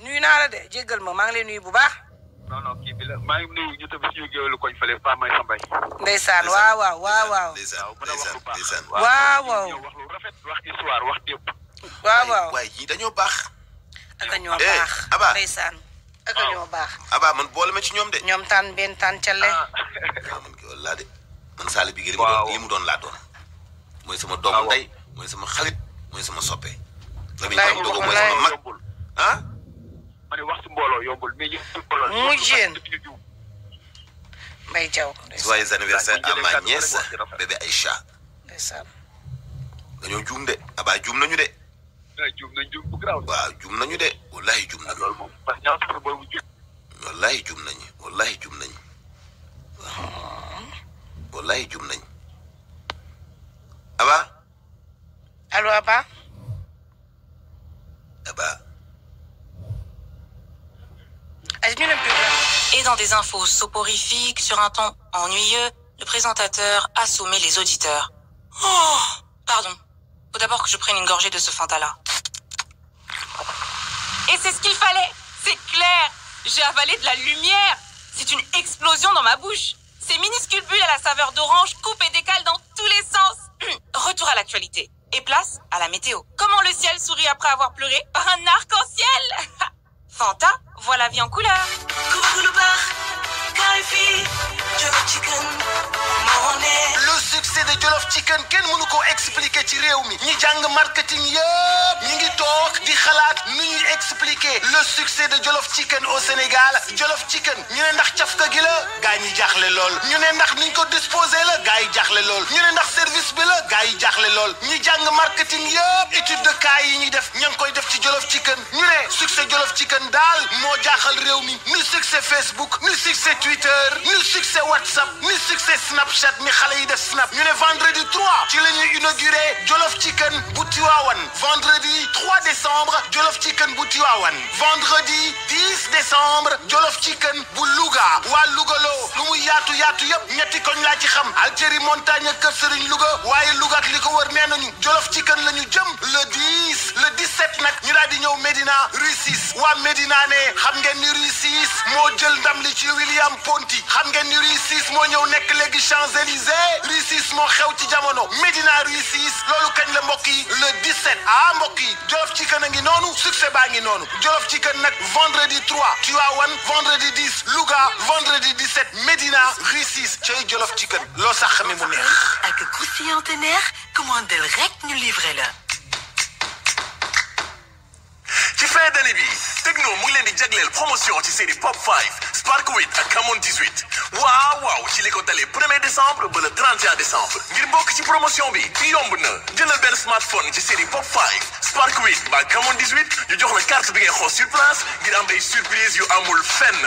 nuyu naa la de jéggal ma maa ngi leen nuyu bu baax. non non maa ngi nuyu ñu tamit suñu géwélu koñ fële Pa waaw waaw waaw waaw. waaw waaw. rafet wax histoire wax démb. waaw waaw waaye yii dañoo baax. ak a ñoo eh, baax Aba ndeysaan ak man boole ma ci ñoom de. ñoom tànn benn tànn calle. Ah. Ah, man kii bi li mu doon mu doon laa doon. mooy sama doomu ah, ndey mooy sama xarit mooy sama soppe. Lamine Thiam Dogo mooy sama mag ah. ma ne waxtu mbooloo yombul mais yéen mbooloo. mu jéem Mbaye Diaw. joyeux anniversaire à ma nièce bébé Aïcha. ndeysaan. dañoo juum de abaa juum nañu de. juum nañ juum bu garaaw waaw juum nañu de wallahi juum nañu. loolu moom parce que ñaata boobu juum. wallahi juum nañu wallahi juum nañu. wallahi juum nañu. Aba. allo Aba. Aba. Et dans des infos soporifiques, sur un ton ennuyeux, le présentateur a les auditeurs. Oh Pardon. Faut d'abord que je prenne une gorgée de ce fanta-là. Et c'est ce qu'il fallait C'est clair J'ai avalé de la lumière C'est une explosion dans ma bouche Ces minuscules bulles à la saveur d'orange coupent et décalent dans tous les sens Retour à l'actualité. Et place à la météo. Comment le ciel sourit après avoir pleuré par un arc-en-ciel Fanta, voilà vie en couleur. Coucou le le succès de Jolof Chicken kenn mënu koo expliquer ci réew mi ñi jàng marketing yëpp ñi ngi toog di xalaat nu ñuy expliquer le succès de Jolof Chicken au Sénégal Jolof Chicken ñu ne ndax cafka gi la gaa ñi jaaxle lool ñu ne ndax ñu ko disposé la gaa yi jaaxle lool ñu ne ndax service bi la gaa yi jaaxle lool ñi jàng marketing yëpp étude de cas yi ñuy def ña ngi koy def ci Jolof Chicken ñu ne succès Jolof Chicken daal moo jaaxal réew mi ni succès Facebook Twitter ni succès WhatsApp ni succès Snapchat ni xale snap Nous, ne vendredi 3 tu l'as inauguré Jolof Chicken bu vendredi 3 décembre Jolof Chicken bu vendredi 10 décembre Jolof Chicken bu Louga Wa Louga loo lu mu yaatu yaatu yëpp ñetti koñ montagne Kër Serigne ak Chicken la jum jëm le 10 le 17 Nak, ñu Medina, di ñëw Medina, xam William. Ponti xam ngeen ni Rue 6 moo ñëw nekk Champs-Élysées 6 moo xew ci jamono Médina Rue 6 loolu kañ la yi le 17 ah mbokk yi Jolof Chicken ngi succès baa ngi noonu Jolof Chicken nag vendredi 3 one, vendredi 10 Louga vendredi 17 Médina Rue 6 cay Jolof Chicken loo sax mi mu neex. ak ku comment en teneer nous rek ñu ci fin d'année bi Tekno mu ngi leen di jagleel promotion ci série Pop 5 Spark 8 Camon 18 waaw waaw ci li ko dalee 1er décembre ba le 31 décembre ngir bokk ci promotion bi yomb na jëlal benn smartphone ci série Pop 5 Spark 8 Camon 18 ñu jox la carte bi ngay xool sur place ngir am ay surprise yu amul fenn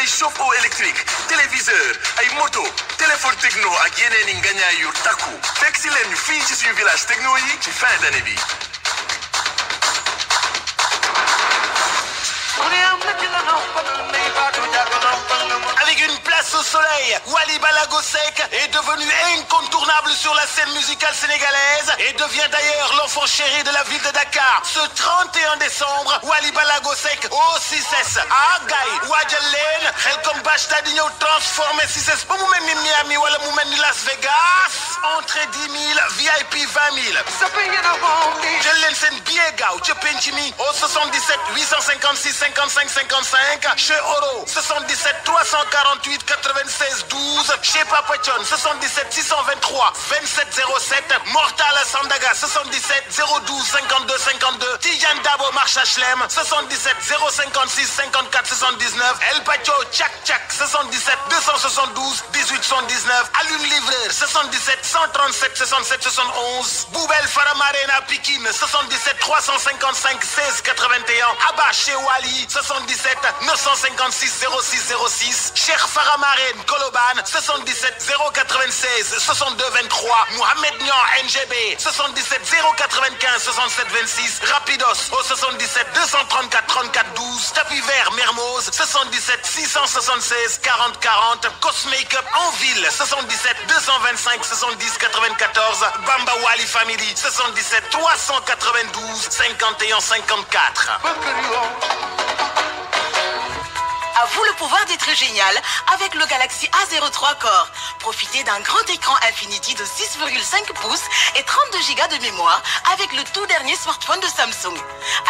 ay chauffe-eau électrique téléviseur ay moto téléphone techno ak yeneen i ngañaay yu takku fekk si leen ñu ci suñu village Tekno yi ci fin d'année bi Only I'm looking at au soleil. Wally Balagosek est devenu incontournable sur la scène musicale sénégalaise et devient d'ailleurs l'enfant chéri de la ville de Dakar. Ce 31 décembre, Wally Balagosek au 6S à ah, Gaï, Wadjalen, Helcom Bash transformé 6S. Miami, wala Las Vegas. Entrée 10 000, VIP 20 000. Je c'est au 77 856 55 55 chez Oro 77 348 96 12 chez Papachon. 77 623 27 07 Mortal à Sandaga 77 012 52 52 Tijan Dabo Marche HLM 77 056 54 79 El Pacho Tchak Tchak 77 272 18 119. Alune Livreur 77 137 67 71 Boubel Faramarena Pikine 77 355 16 81 Abba Wali 77 956 06 06 Cher Farama Marine Koloban 77 096 62 23 Mohamed Nian NGB 77 095 67 26 Rapidos au 77 234 34 12 Tapis Vert Mermoz 77 676 40 40 Cosmakeup Up en ville 77 225 70 94 Bamba Wali Family 77 392 51 54 à vous le pouvoir d'être génial avec le Galaxy A03 Core. Profitez d'un grand écran Infinity de 6,5 pouces et 32 Go de mémoire avec le tout dernier smartphone de Samsung.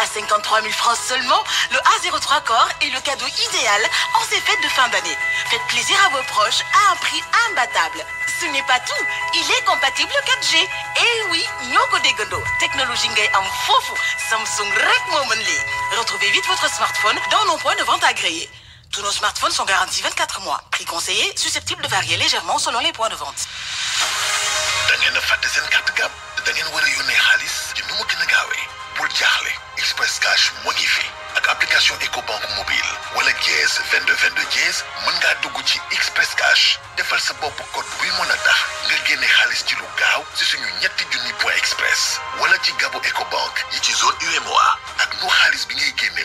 À 53 000 francs seulement, le A03 Core est le cadeau idéal en ces fêtes de fin d'année. Faites plaisir à vos proches à un prix imbattable. Ce n'est pas tout, il est compatible 4G. Et eh oui, non Degondo, technologie ngay am faux Samsung rek Momenly. Retrouvez vite votre smartphone dans nos points de vente agréés. Tous nos smartphones sont garantis 24 mois. Prix conseillé, susceptible de varier légèrement selon les points de vente. da ngeen a fàtte seen carte GAB da ngeen war a yónnee xaalis ci nu mu gën a gaawee bul Express Cash moo avec fi application Ecobank mobile wala jees 22 22 jees mën ngaa dugg ci Express Cash defal sa bopp code 8 mën a tax nga génne xaalis ci lu gaaw si suñu ñetti junni point express wala ci gabu Ecobank yi ci zone UEMOA ak nu xaalis bi ngay génne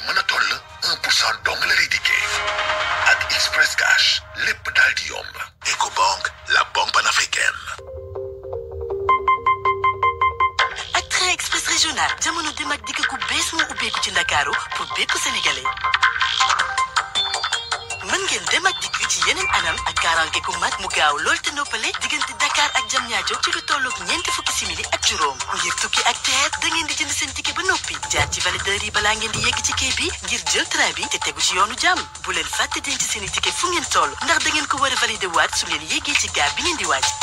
rajo ci lu tolloog ñeenti fukki simili ak juróom ku yëg tukki ak teer da ngeen ba noppi jaar ci valideur yi balaa ngeen di yegg ci bi ngir jël train bi te tegu ci yoonu jàmm bu leen fàtte denc seen i ticket fu ngeen toll ndax da ngeen ko war a valider waat su ngeen yéegee ci gaar bi ngeen di wàcc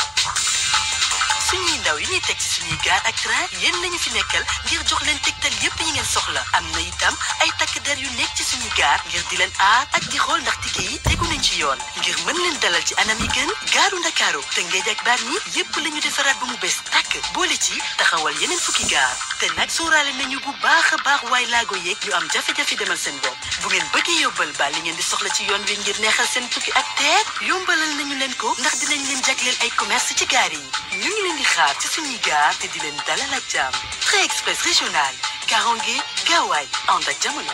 suñuy ndaw yi ñuy teg ci suñuy gaar ak train yéen lañu fi nekkal ngir jox leen tegtal yépp yi ngeen soxla am na itam ay takk der yu nekk ci suñuy gaar ngir di leen aar ak di xool ndax yi tegu nañ ci yoon ngir mën leen dalal ci anam yi gën gaaru ndakaaru te ngéej ak baat ñi yépp la ñu defaraat bu mu bees tàkk boole ci taxawal yeneen fukki gaar te nag sóoraale nañu bu baax a baax waay laago yeeg yu am jafe-jafe demal seen bopp bu ngeen bëggee yóbbal ba li ngeen di soxla ci yoon wi ngir neexal seen tukki ak teer yombalal nañu leen ko ndax dinañ leen jagleel ay commerce ci gaar yi ñu ngi leen di xaar ci suñuy gaar te di leen dalal ak jàmm Train Express régional Karongué Gaouaye ànd ak jamono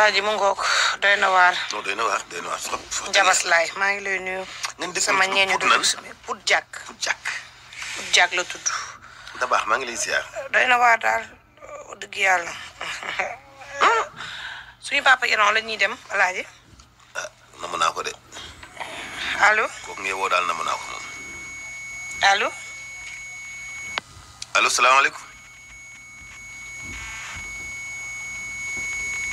Lagi mu ngoog doy na waar. doy na doy na Jabas ngi lay nuyu. ngeen sama ñeeñu du pour jàkk pour jàkk pour jàkk la tudd. da baax maa ngi lay ziar. doy na waar daal suñu papa la dem ah namu ko de. allo kooku ngay woo ko allo. salam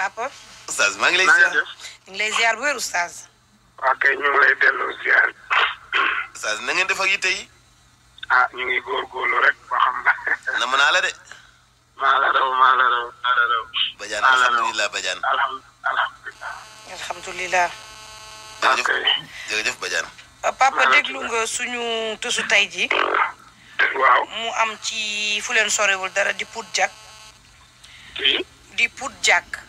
papa. oustaz maa ngi lay ziar ñu ngi lay ziar bu wér oustaz. ok ñu ngi lay delloo ziar. oustaz na ngeen def ak yitte yi. ah ñu ngi góorgóorlu rek ba xam la. na mën la de. maa la raw maa la raw maa la raw. Badiane alhamdulilah Badiane. alhamdulilah. alhamdulilah. jërëjëf jërëjëf papa déglu nga suñu tësu tey ji. waaw mu am ci fu leen sorewul dara di Pout Diack. di Pout Diack.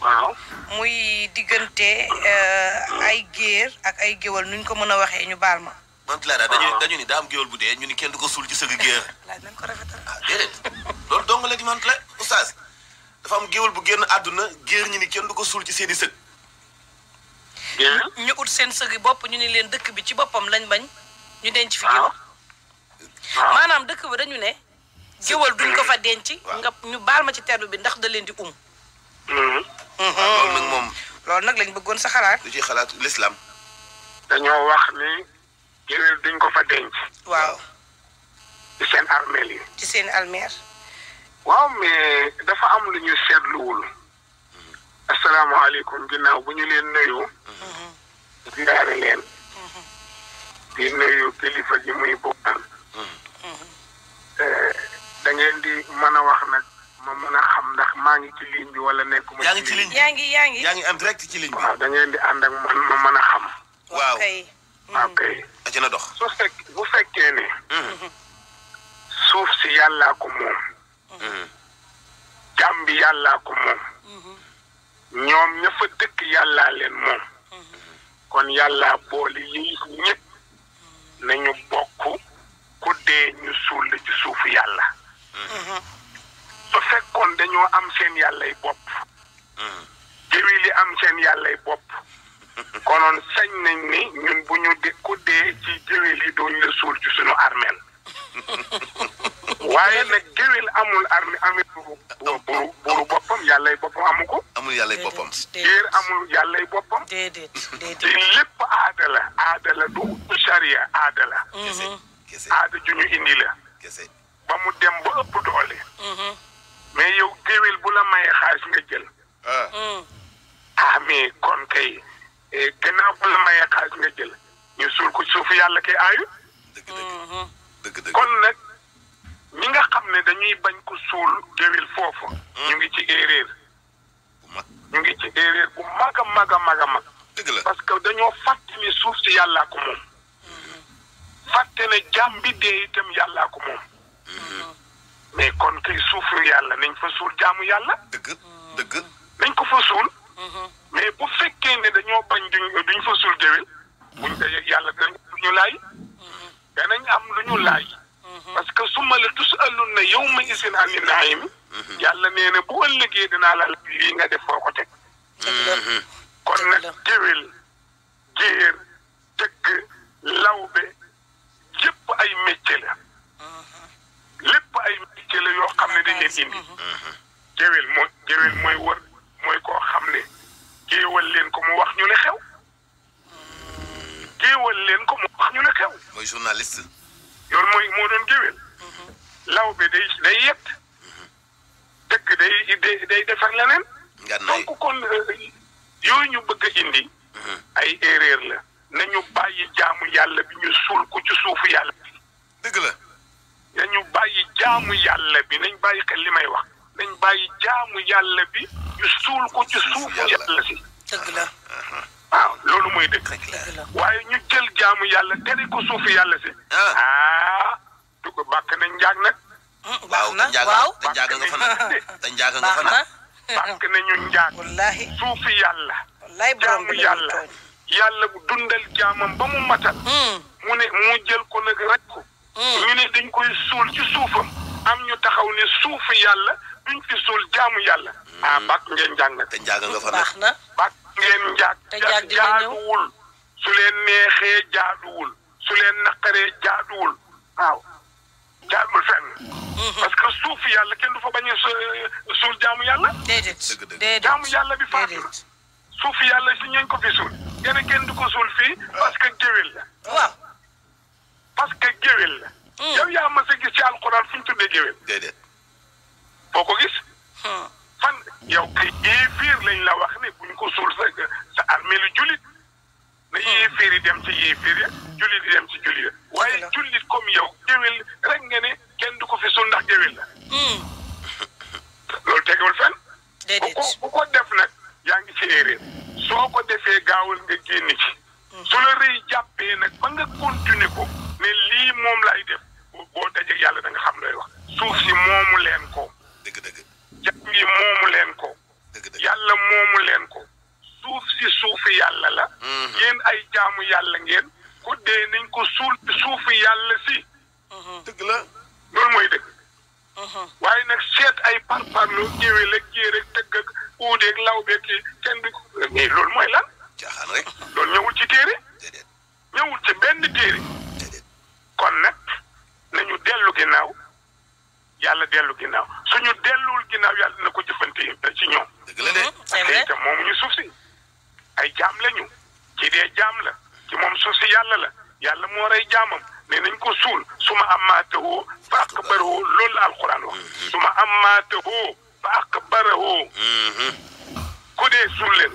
waaw muy diggante euh, ay géer ak ay géwal nuñ ko mën a waxee ñu baal ma. man Clara dañu dañu ni daa am bu dee ñu ni kenn du ko suul ci sëgg géer. laaj nañ ko rafetal ah di man la oustaz dafa am géwal bu génn àdduna géer ñu ni kenn du ko suul ci seeni sëg. ñu ut seen sëg bopp ñu ni leen dëkk bi ci boppam lañ bañ. ñu denc fi géwal maanaam dëkk ba dañu ne. géwal duñ ko fa denc. nga ñu baal ma ci terme bi ndax da leen di um. Mm-hmm. waaw mm-hmm. nag moom. loolu nag lañ bëggoon sa xalaat. lu ciy xalaat l'islam. dañoo wax ni. géwél duñ ko fa denc. waaw. ci seen armeel yi. ci seen armeel. waaw mais dafa am lu ñu seetluwul. Mm-hmm. asalaamaaleykum ginnaaw bu ñu leen nuyu. Mm-hmm. ziyaare leen. di nuyu kilifa gi muy boppam. Eh, da di mën a wax nag. ma mën a xam ndax maa ngi ci ligne bi wala nekk yaa ngi ci ligne bi yaa ngi yaa am direct ci ligne bi. waaw da di ànd ak man ma mën a xam. waaw kay. waaw mm. kay. na dox. bu fekkee ne. Mm. suuf si yàllaa ko moom. Mm-hmm. jàmm bi yàllaa ko moom. Mm-hmm. ñoom ña fa dëkk yàllaa leen moom. Mm-hmm. kon yàllaa boole lii ñëpp nañu bokk ku dee ñu suul la ci suufu yàlla. su fekkoon dañoo am seen yàllay bopp géwél hmm. yi am seen yàllay bopp konoon sañ nañ ni ñun bu ñu de ku ci géwél yi dooñu ci suñu armeel waaye nag géwél amul arme amul buru buru buru boppam yàllay boppam amu ko amul yàllay boppam géer amul yàllay boppam déedéet déedéet lépp aada mm-hmm. aada ju ñu indi la ba mu dem ba ëpp doole mm-hmm. mais yow géwél bu la maye xaalis nga jël. Hmm. ah mais kon kay eh, gannaaw bu la maye xaalis nga jël ñu suul ko suuf yàlla kay aayu. Hmm. kon nag ñi nga xam ne dañuy bañ ku suul géwél foofu. Hmm. ñu ngi ci erreur. ñu ngi ci erreur bu mag a mag a mag a mag. parce que dañoo fàttali suuf si yàlla ko moom. fàtte ne jàmm bi itam yàllaa ko moom. mais kon ki souffre yalla niñ fa sul jamu yalla deug deug niñ ko fa sul mais bu fekke ne dañu bañ duñ duñ fa sul dewel buñ tay ak yalla dañ lu ñu laay. danañ am luñu lay parce que su la tous ëllun na yow isin ani naim yalla neena na bu ëllëgee dina la li nga def foo ko teg. kon nag dewel jeer tek lawbe yépp ay métier la lépp ay. yitte la yoo xam ne dañ leen indi. géwél mooy géwél mooy wër mooy koo xam ne géewal leen ko mu wax ñu xew. Mm-hmm. géewal leen ko ñu ne xew. mooy journaliste. loolu moo doon géwél. Mm-hmm. law bi day day yett. Mm-hmm. dëkk day day day defar leneen. donc kon euh, yooyu ñu bëgg a indi. ay erreur la. nañu bàyyi jaamu yàlla bi ñu suul ko ci suufu yàlla bi. dëgg la. nañu bàyyi jaamu yàlla bi nañ bàyyi xel li may wax nañ bàyyi jaamu yàlla bi suul ko ci suufu yàlla si. dëgg loolu muy dëgg. waaye ñu jël jaamu yàlla tere ko suufu yàlla si. ah, ah du ko bàkk nañ njaag nag. waaw te njaaga nga fa nag te njaaga nga fa nag. bàkk nañu njaag. suufu yàlla. jaamu yàlla. yàlla bu dundal jaamam ba mu matal. Hmm. mu ne mu jël ko nag rek ko. Mm. ñu ne dañ koy suul ci suufam am ñu taxaw ne suuf yàlla duñ fi suul jaamu yàlla mm. ah bak ngeen jàng nag te njàng nga fa baax na bak ngeen njaag jaaduwul su leen neexee jaaduwul su leen naqaree jaaduwul waaw jaaduwul fenn mm-hmm. parce que suuf yàlla kenn du fa bañ a eh, suul jaamu yàlla déedéet jaamu yàlla bi faatu suuf yàlla si ñeñ ko fi suul gën a kenn du ko suul fii ah. parce que géwél la waaw parce que géwél la. Hmm. yow yaa ma sa gis ci alxuraan fu ñu tuddee géwél. déedéet. ko gis. Hmm. fan yow kay yéefiir lañ la wax ne buñ ko suul sa sa armée jullit na hmm. yéefiir yi dem ci yéefiir ya jullit yi dem ci jullit ya waaye jullit comme yow géwél rek nga ne kenn du ko fi ndax géwél la. loolu tegewul fenn. déedéet bu ko def nag yaa ngi ci erreur soo ko defee gaawul nga génn ci. su la rëy jàppee nag ba nga continuer ko. ne lii moom lay def boo dajee yàlla da nga xam looy wax suuf si moomu leen ko. dëgg dëgg yi moomu leen ko. dëgg yàlla moomu leen ko suuf si suuf yàlla la. Mhm. ay jaamu yàlla ngeen. ku dee nañ ko suul ci suufi yàlla si. Mhm. dëgg la loolu mooy dëgg. Mhm. waaye nag seet ay parparlu ñëwee la kii rek tëgg ak uudeeg law beeg kii kenn du loolu mooy lan. loolu ñëwul ci téere. ñëwul ci benn téere. kon nag nañu dellu ginnaaw yàlla dellu ginnaaw suñu delluwul ginnaaw yàlla na ko jëfante ci ñoom. dëgg la de parce que moom ñu suuf si ay jaam lañu ci dee jaam la ci moom suuf si yàlla la yàlla moo rey jaamam ne nañ ko suul su ma amaatewoo fa akbaroo loolu la alxuraan wax mm-hmm. su ma amaatewoo fa akbaroo mm-hmm. ku dee suul leen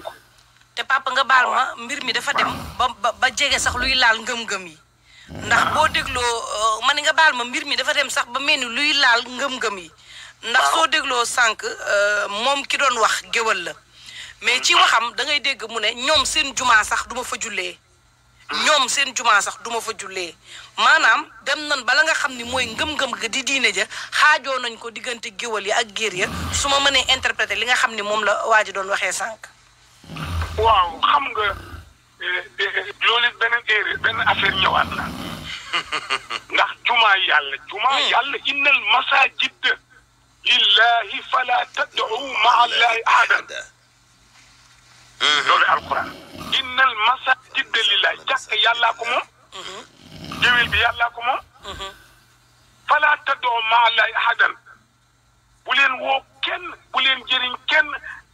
te papa nga baal ma mbir mi dafa dem. ba ba jege sax luy laal ngëm-ngëm yi. ndax boo dégloo euh, man nga baal ma mbir mi dafa dem sax ba mel ni luy laal ngëm-ngëm yi. ndax soo dégloo sànq euh, moom ki doon wax géwal la. mais ci waxam da ngay dégg mu ne ñoom seen jumaa sax duma fa julee ñoom seen jumaa sax duma fa jullee maanaam dem nan bala nga xam ni mooy ngëm-ngëm ga di diine ja xaajoo nañ ko diggante géwal yi ak géer ya su ma mënee interpréter li nga xam ni moom la waa doon waxee sànq. waaw xam nga. loolu it beneen erreur benn affaire ñëwaat na ndax jumaa yàlla jumaa yàlla innal masajid lillahi fala tad'u ma'a allahi ahada loolu alquran innal masajid lillahi jàkk yàllaa ko moom jëwel bi yàllaa ko moom fala tad'u ma'a allahi ahadan bu leen woo kenn bu leen jëriñ kenn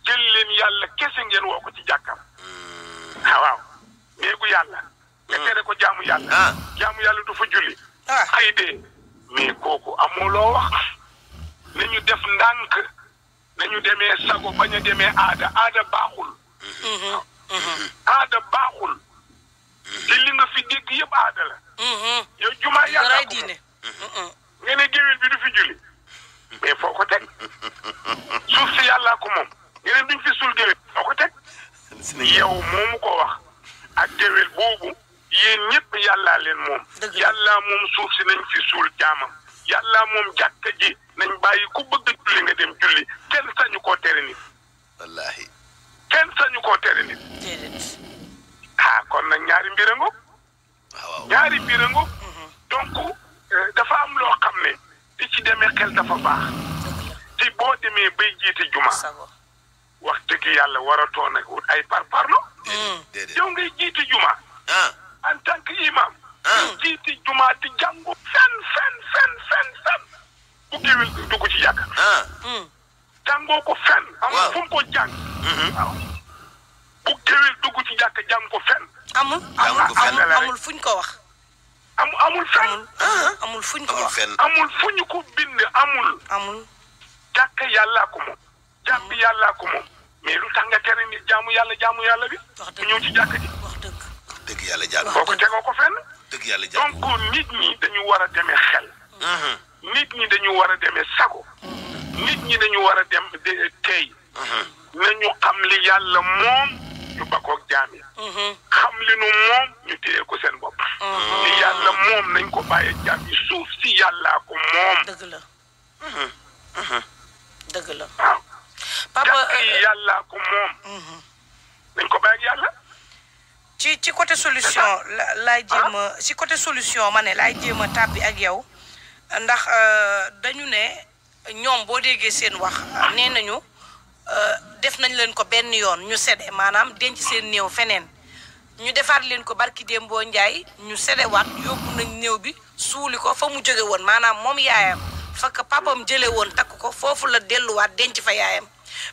jël leen yàlla kese ngeen woo ko ci jàkkam waaw néegu yàlla. Hmm. nga tere ko jaamu yàlla. Ah. jaamu yàlla du fa julli. Ah. ay de mais kooku amuloo wax nañu def ndànk nañu demee sago bañ a demee aada aada baaxul. Hmm. Hmm. aada baaxul. te li nga fi dégg yëpp aada la. yow jumaa yàlla ko bi du fi julli mais foo ko teg suuf si yàlla moom nga ne fi suul géwél foo ko teg yow moomu ko wax. ak géwél boobu yéen ñëpp yàlla leen moom yàlla moom suuf si nañ fi suul jaamam yàllaa moom jàkka ji nañ bàyyi ku bëgg julli nga dem julli kenn sañu koo tere nit kenn sañu koo tere nit ah kon nag ñaari mbirango ñaari mbirango mhm. donc euh, dafa am loo xam ne di ci demee xel dafa baax ci boo demee bay jiite juma wax dëgg yàlla waratoo nag wut ay parparlo. déedéet yow ngay jiiti juma. Ah. en tant que imam. Ah. jiiti juma di jàngu fen fen fen fen fen. bu géwél dugg ci yàgg. Ah. Hmm. jàngoo ko fen. amul fu mu ko jàng. Mm-hmm. waaw bu géwél dugg ci yàgg jàng ko fen. amul fuñ ko wax. amul amul fen. fuñ ko wax amul fuñ amul. amul jàkk yàllaa ko jàmm yàlla yàllaa ko moom mais lu tax nga tere nit jaamu yàlla jaamu yàlla bi mu ñëw ci jàkk ji wax dëgg dëgg yàlla jaamu boo ko tegoo ko fenn dëgg yàlla jaamu donc nit ñi dañu war a demee xel uh-huh. nit ñi dañu war a demee sago nit ñi dañu war a dem tey uh-huh. nañu xam li yàlla moom ñu bakkoog jaam uh-huh. xam li nu moom ñu téye ko seen bopp li yàlla moom nañ ko bàyyee jaam yi suuf si yàllaa ko moom dëgg la papa yi euh, yàlla ko moom. dañ mhm. ci ci côté solution. la laay jéem a ah. ci côté solution ma ne laay jéem a tàbbi ak yow. ndax euh, dañu ne ñoom boo déggee seen wax nee nañu euh, def nañ leen ko benn yoon ñu sede maanaam denc seen néew feneen ñu defaat leen ko barki Dembo Ndiaye ñu sedewaat yóbbu nañ néew bi suuli ko fa mu jóge woon maanaam moom yaayam fa papam jële woon takk ko foofu la delluwaat denc fa yaayam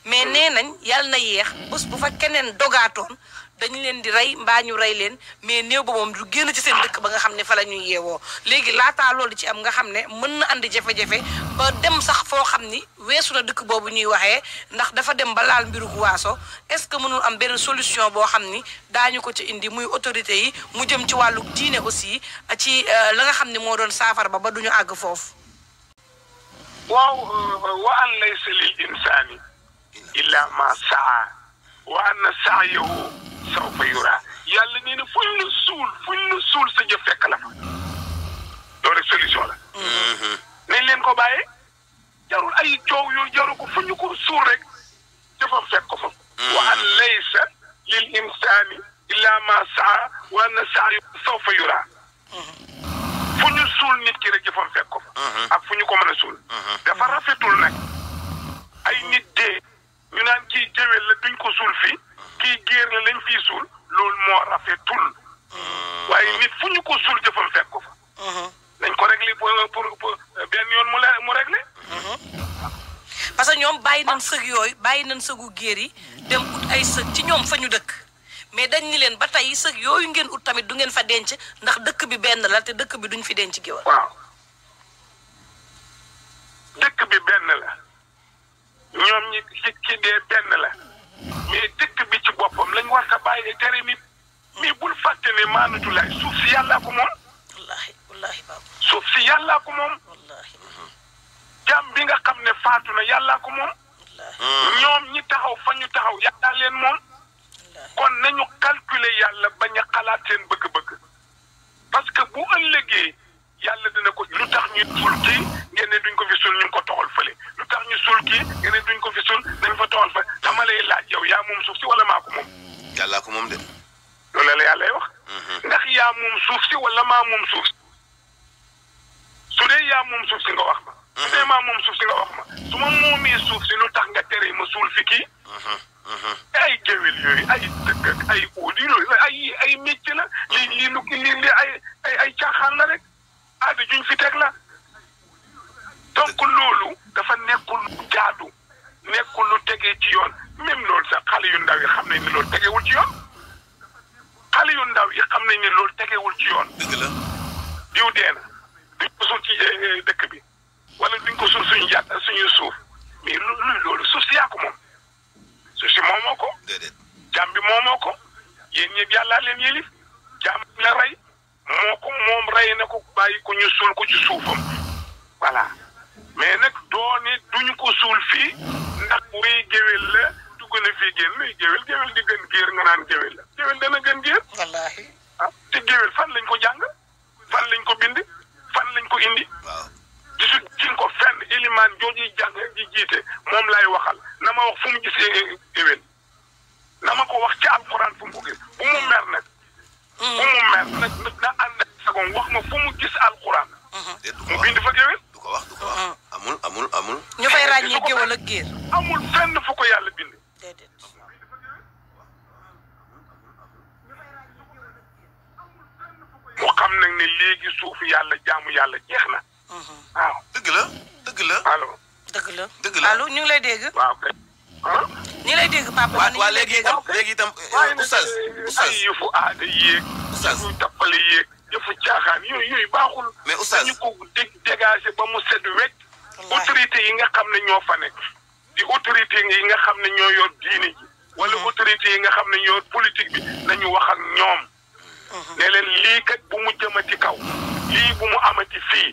mais mm. nee nañ yàlla na yéex bés bu fa keneen dogaatoon dañu leen di rey mbaa ñu rey leen mais néew ba moom du génn ci seen dëkk ba nga xam ne fa la ñuy yeewoo léegi laataa li ci am nga xam ne mën na andi jafe-jafe ba dem sax foo xam ni weesu na dëkk boobu ñuy waxee ndax dafa dem ba laal mbiru waaso est-ce que mënul am benn solution boo xam ni daañu ko ci indi muy autorité yi mu jëm ci wàllu diine aussi ci euh, la nga xam ne moo doon saafara ba ba duñu àgg foofu. Euh, illa ma saa wa anna saa yow sawfa yura yàlla nee na fuñ la suul fuñ la suul sa jëf fekk la loolu rek la. Mhm. nañ leen ko bàyyee jarul ay coow yooyu jarul ko fu ñu ko suul rek jëfam fekk ko fa. Mhm. wa an laysa lil insaani illa ma saa wa anna saa yow sawfa yura mhm. fu ñu suul nit ki rek jëfam fekk ko fa. ak fu ñu ko mën a suul. dafa rafetul nag ay nit. sëg yooyu bàyyi nañ sëgu géer yi dem ci ñoom fa dëkk mais dañ ni leen ba tey sëg yooyu ngeen tamit du ngeen fa denc ndax dëkk bi benn la dëkk bi duñ fi denc géwal waaw dëkk la ñoom ñi la mais dëkk lañ war a bàyyi tere nit mais bul fàtte ne maanatu suuf si yàllaa ko moom jaam bi nga xam ne faatu na yàllaa ko moom ñoom ñi taxaw fa ñu taxaw daal leen moom. kon nañu calculer yàlla bañ a xalaat seen bëgg-bëgg. parce que bu ëllëgee yàlla dina ko lu tax ñu suul kii ngeen ne duñ ko fi suul ñu ngi ko toxal fële lu tax ñu suul kii ngeen ne duñ ko fi suul dañ fa toxal fële dama lay laaj yow yaa moom suuf si wala maa ko moom. yàllaa ko moom de. loolu la yàlla wax. Mhm. ndax yaa moom suuf si walla maa moom suuf si. su dee yaa moom suuf si nga wax ma. su dee moom suuf si nga wax ma su ma moomee suuf si lu tax nga tere ma suul fi kii ay géwél yooyu ay dëkk ay óoli yooyu ay ay métier la lii lii lu lii lii ay ay ay la rek aada juñ fi teg la donc loolu dafa nekkul lu jaadu nekkul lu tegee ci yoon même loolu sax xale yu ndaw yi xam nañ tegewul ci yoon yu ndaw yi xam nañ ne loolu tegewul ci yoon. dëgg la diw dee na diw ci eh, eh, dëkk bi. wala duñ ko suuf suñu jàpp suñu suuf mais lu luy loolu suuf si yaa ko moom suuf si moomoo ko. déedéet moomoo ko yéen ñëpp yàllaa leen yëlif jàmm la rey moo ko moom rey na ko bàyyi ko ñu suul ko ci suufam voilà mais nag doone duñu ko suul fii ndax wuy géwél la dugg na fii génn muy géwél géwél di gën géer nga naan géwél la géwél dana gën géer. wallaahi ah te géwél fan lañ ko jàng fan lañ ko bind fan lañ ko indi. gisul gisul ko fenn ilimaan jooju jàng ji jiite moom lay waxal na ma wax fu mu gisee éwén na ma ko wax ci alxuraan fu mu ko gis bu mu mer nag. bu mu mer nag na ànd ak sagoom wax ma fu mu gis alxuraan. mu bind fa géwél du ko wax du ko wax uh-huh. amul amul amul. ñu fay ràññee géwél ak géer amul fenn fu ko yàlla bind. déedéet. mu xam nag ne léegi suuf yàlla jaamu yàlla jeex na. Mm-hmm. waaw dëgg la dëgg la. allo dëgg la dëgg la allo ñu ngi lay dégg. waaw kay. ñu lay dégg papa. waaw waaw léegi itam léegi itam. Eh, oustaz eh, oustaz ay yëfu aada yéeg. oustaz yëfu yooyu yooyu baaxul. mais oustaz ko dég dégagé ba mu set wecc. autorité yi nga xam ne ñoo fa nekk. di autorité yi nga xam ne ñoo yor diini ji. wala mm-hmm. autorité yi nga xam ne ñoo yor politique bi nañu wax ak ñoom. Mm-hmm. ne leen lii kat bu mu jëmati kaw. lii bu mu amati fii.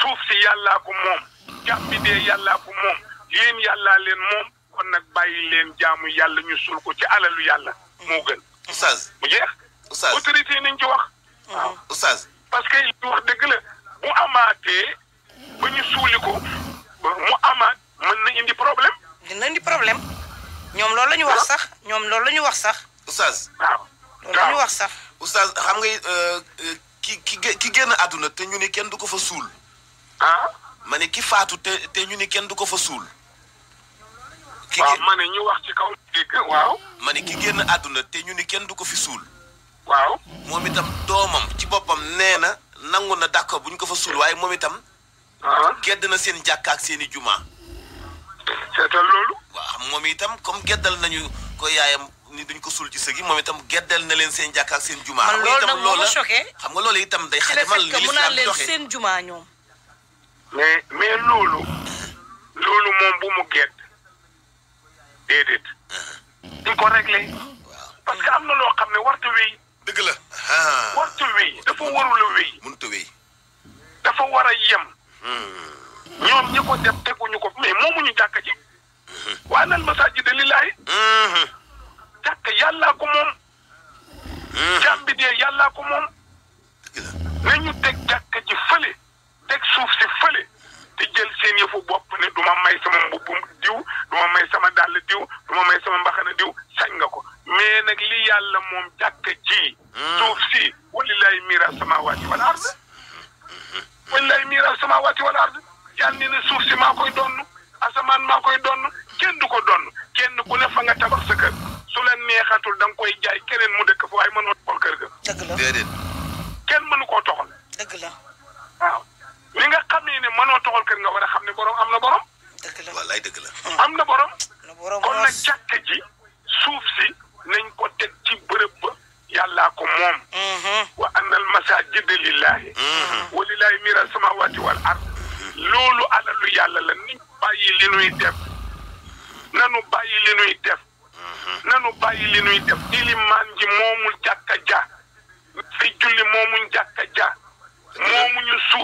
suuf si yàllaa ko moom jàmm yàllaa ko moom yéen yàllaa leen moom kon nag bàyyi leen jaamu yàlla ñu suul ko ci alalu yàlla moo gën. oustaz mu jeex. oustaz autorité yi nañ ci wax. waaw oustaz. parce que li wax dëgg la bu amaatee ba ñu suuli ko mu amaat mën na indi problème. dina indi problème ñoom loolu la ñu wax ah. sax ñoom loolu la ñu wax sax. oustaz. waaw loolu ñu wax sax. oustaz xam nga euh, euh, ki ki ki génn àdduna te ñu ne kenn du ko fa suul. ah. ma ne ki faatu te te ñu ni kenn du ko fa suul. ki waaw ma ne ñu wax ci kaw dégg waaw. ma ne ki génn àdduna te ñu ni kenn du ko fi suul. waaw. moom itam doomam ci boppam nee na nangu na d'accord bu ñu ko fa suul waaye moom itam. Ah. gedd na seen jàkka ak seen i juma. seetal loolu. waaw moom itam comme geddal nañu ko yaayam ni duñ ko suul ci sëg yi moom itam geddal na leen seen jàkka ak seen juma. man loolu nag moo ma choqué xam nga loolu itam day xajamal li lislaam doxee seen juma ñoom. mais mais loolu loolu moom bu mu gedd déedéet duñ ko réglé parce que am na loo xam ne wartu wéy dëgg la wartu wéy dafa warul a wéy mënut dafa war a yem hmm. ñoom ñi ko def teguñu ko mais moomuñu jàkk ji hmm. waa nan masaajida lillaahi hmm. jàkk yàllaa ko moom jàmbi yàllaa ko moom nañu teg jàkk ji fële teg suuf si fële te jël seen yëfu bopp ne du ma may sama mbubbum diw du ma may sama dàll diw du ma may sama mbaxana diw sañ nga ko mais nag li yàlla moom jàkk ji. Hmm. suuf si walillahi miiraas samaawaati wal ard walillahi miiraas samaawaati wal ard yàlla ne suuf si maa koy donn asamaan maa koy donn kenn du ko donn kenn ku ne fa nga tabax sa kër su la neexatul danga koy jaay keneen mu dëkk fa waaye mënoo toxal kër ga. kenn mënu koo toxal. dëgg ni nga xamee ne mënoo toxal kër nga war a xam ne borom am na borom. dëgg la wallaay dëgg la. am na borom. kon nag jàkka ji suuf si nañ ko teg ci bërëb ba yàllaa ko moom. wa annal masaajida lillaahi. wa lillaahi miiraasu samaawaati wal ard. loolu alalu yàlla la ni bàyyi li nuy def nanu bàyyi li nuy def. nanu bàyyi li nuy def ilimaan ji moomul jàkka ja fi julli moomuñ jàkka ja moomuñu suuf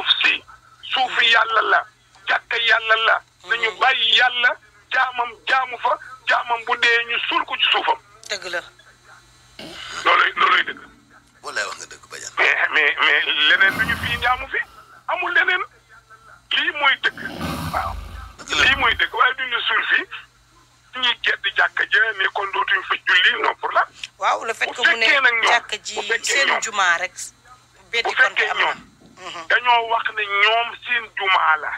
yàlla la jàkka yàlla la nañu mm-hmm. bàyyi yàlla jaamam jaamu fa jaamam bu dee ñu suul ko ci suufam. dëgg la. looloy looloy dëgg. wallaay wax nga dëgg Badiane. mais mais leneen lu ñu fii jaamu fi amul leneen lii mooy dëgg. waaw lii mooy dëgg waaye duñu suul fii ñuy gedd jàkka ja mais ko dootuñu fa julli non pour la. waaw le fait que mu ne ji seen jumaa rek. bu fekkee ñoom Mm-hmm. dañoo wax na ñoom seen jumaa la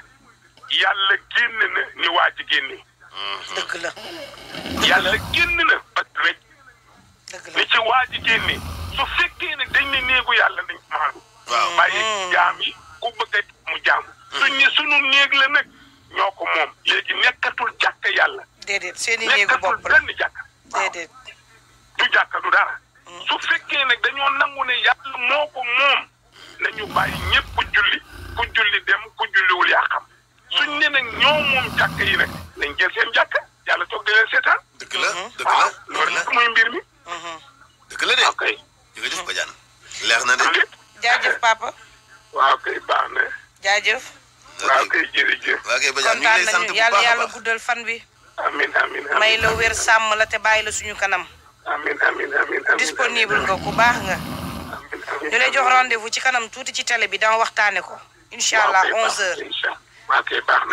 yàlla génn na ni waa ji génne. Mm-hmm. la. yàlla génn na ba rek. ni ci waa ji su fekkee ne dañ ne néegu yàlla dañ maandu. waaw mm-hmm. jaam yi ku bëgg mu jaam. suñ ne sunu néeg la nag ñoo ko moom léegi nekkatul jàkka yàlla. déedéet seen i néegu bopp la nekkatul benn jàkka. déedéet du jàkka du dara. Mm. su fekkee ne dañoo nangu ne yàlla moo ko moom. nañu bàyyi ñëpp ku julli ku julli dem ku julliwul yaa xam suñ ne nag ñoo moom jàkk yi nag nañ jël seen jàkk yàlla toog di leen seetaan. dëgg la mhm. dëgg la ah, mi. Mhm. dëgg la de. Ah, ok jërëjëf Badiane. leer na de. jaajëf papa. waaw kay baax na. jaajëf. waaw kay jërëjëf. waaw kay Badiane ñu ngi lay bu baax a baax kontaan nañu yàlla yàlla guddal fan bi. amiin amiin may la wér sàmm la te bàyyi la suñu kanam. amiin amiin amiin disponible nga ku baax nga. ñu lay jox rendez ci kanam tuuti ci télé bi dama waxtaane ko incha allah 11h.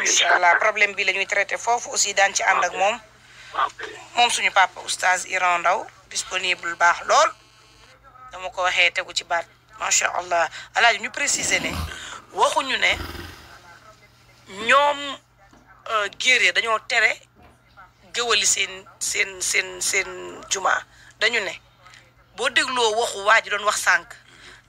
incha problème bi la ñuy traité foofu aussi daan ci ànd ak moom. moom suñu papa oustaz Iran Ndaw disponible baax lool dama ko waxee tegu ci baat macha allah alaaji ñu préciser ne waxuñu ne ñoom euh, géer dañoo tere gëwali seen seen seen seen juma dañu ne boo dégloo waxu waa ji doon wax sànq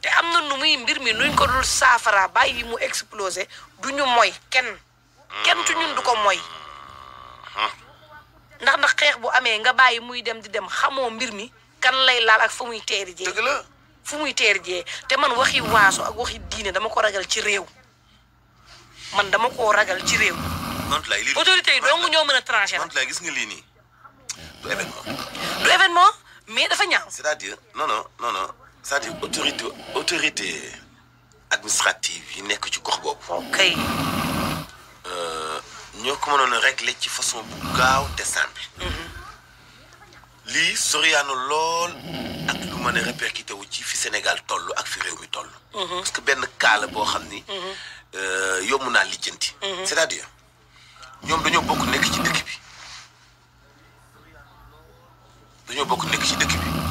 te am na nu muy mbir mi nuñ ko dul saafara bàyyi mu explosé du ñu moy kenn kenn ci ñun du ko moy ndax ndax xeex bu amee nga bàyyi muy dem di dem xamoo mbir mi kan lay laal ak fu muy teeri jee fu muy teeri jee te man waxi waaso ak waxi diine dama ko ragal ci réew man dama ko ragal ci réew autorité yi dong ñoo mën a tranché gis nga lii nii du événement du événement mais dafa ñaaw cest c'est-à-dire autorité administrative yi nekk ci gox boobu. kay euh, ñoo ko mënoon a régler ci façon bu gaaw te simple. Mm-hmm. lii soriyaanu lool ak lu mën a ci fi Sénégal toll ak fi réew mi toll. Mm-hmm. parce que benn cas boo xam ni. Mm-hmm. Euh, yomb naa lijjanti. c'est-à-dire ñoom dañoo bokk nekk ci dëkk bi dañoo bokk nekk ci dëkk bi.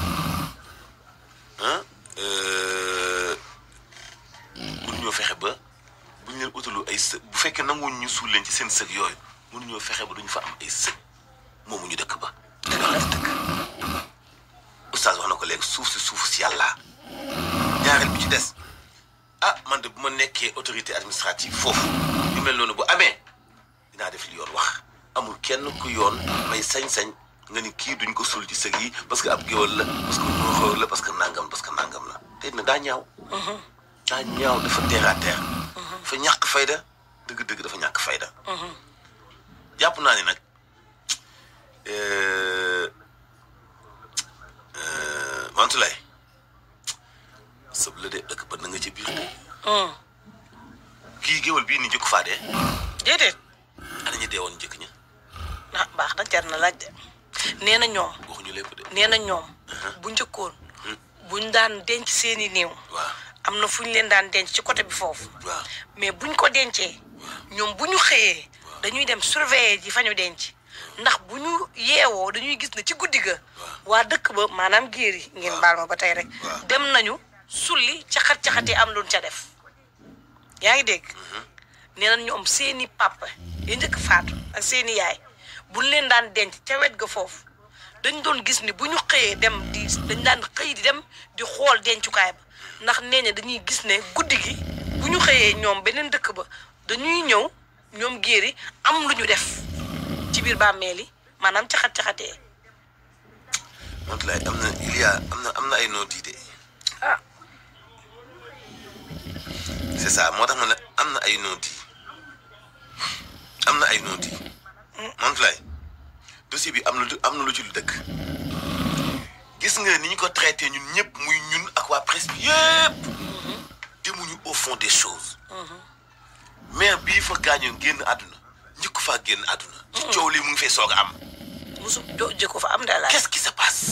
ah mënuñoo fexe ba buñ leen utalu ay së bu fekkee nanguwuñ ñu suul leen ci seen sëg yooyu mënuñoo fexe ba du ñu fa am ay sëg ñu dëkk ba. oustaz wax na ko léegi suuf si suuf si yàlla ñaareel bi ci des ah man de bu ma nekkee autorité administrative foofu ñu mel noonu bu amee dinaa def li yoon wax amul kenn ku yoon may sañ-sañ. nga ni ki duñ ko sul ci sëg yi parce que ab géwal la parce que no xol la parce que nangam parce que nangam la té na da ñaaw mhm. da ñaaw dafa terre à terre mhm. fa ñak fayda deug deug dafa ñak fayda mhm. japp na ni nak euh nag euh, mantulay sëb la dé ak ba na nga ci biir de ki géwal bi ni njëkk faa dé déedéet ana ñi déwon njëkk ñi na ah, baax na jarna na laaj de nee na ñoom. waxuñu na ñoom. Uh-huh. bu njëkkoon. Hmm. buñ daan denc seeni i néew. am na fu ñu leen daan denc ci côté bi foofu. mais buñ ko dencee. ñoom bu ñu xëyee. dañuy dem surveiller yi fa ñu denc. Hmm. ndax bu ñu yeewoo dañuy gis ne ci guddi waa dëkk ba maanaam géer yi ngeen baal ma ba tey rek. dem nañu sulli caxat caxat yi am lu luñ ca def. yaa ngi dégg. Hmm. nee nañ ñoom seeni papa ya njëkk faatu ak seeni yaay. bu leen daan denc ca wet ga foofu dañ doon gis ni bu ñu xëyee dem di dañ daan xëy di dem di xool dencukaay ba ndax nee na dañuy gis ne guddi gi bu ñu xëyee ñoom beneen dëkk ba dañuy ñëw ñoom géer yi am lu ñu def ci biir bàmmeel yi maanaam caxat-caxatee Mantoulaye am na a am na am na ay noo diide ah c'est ça moo tax ma ne am na ay noo di am na ay noo di Man vlay, dosye bi am nou lojou lidek Gis nge, nini ko treten yon, nyep moun yon akwa pres, nyep Demoun yon ou fon de chouz Mer bi yon fwa ganyan gen adouna, nyekoufa gen adouna Jitjou li moun fe sorg am Mousou, jok jekoufa am dalan Kes ki se pas?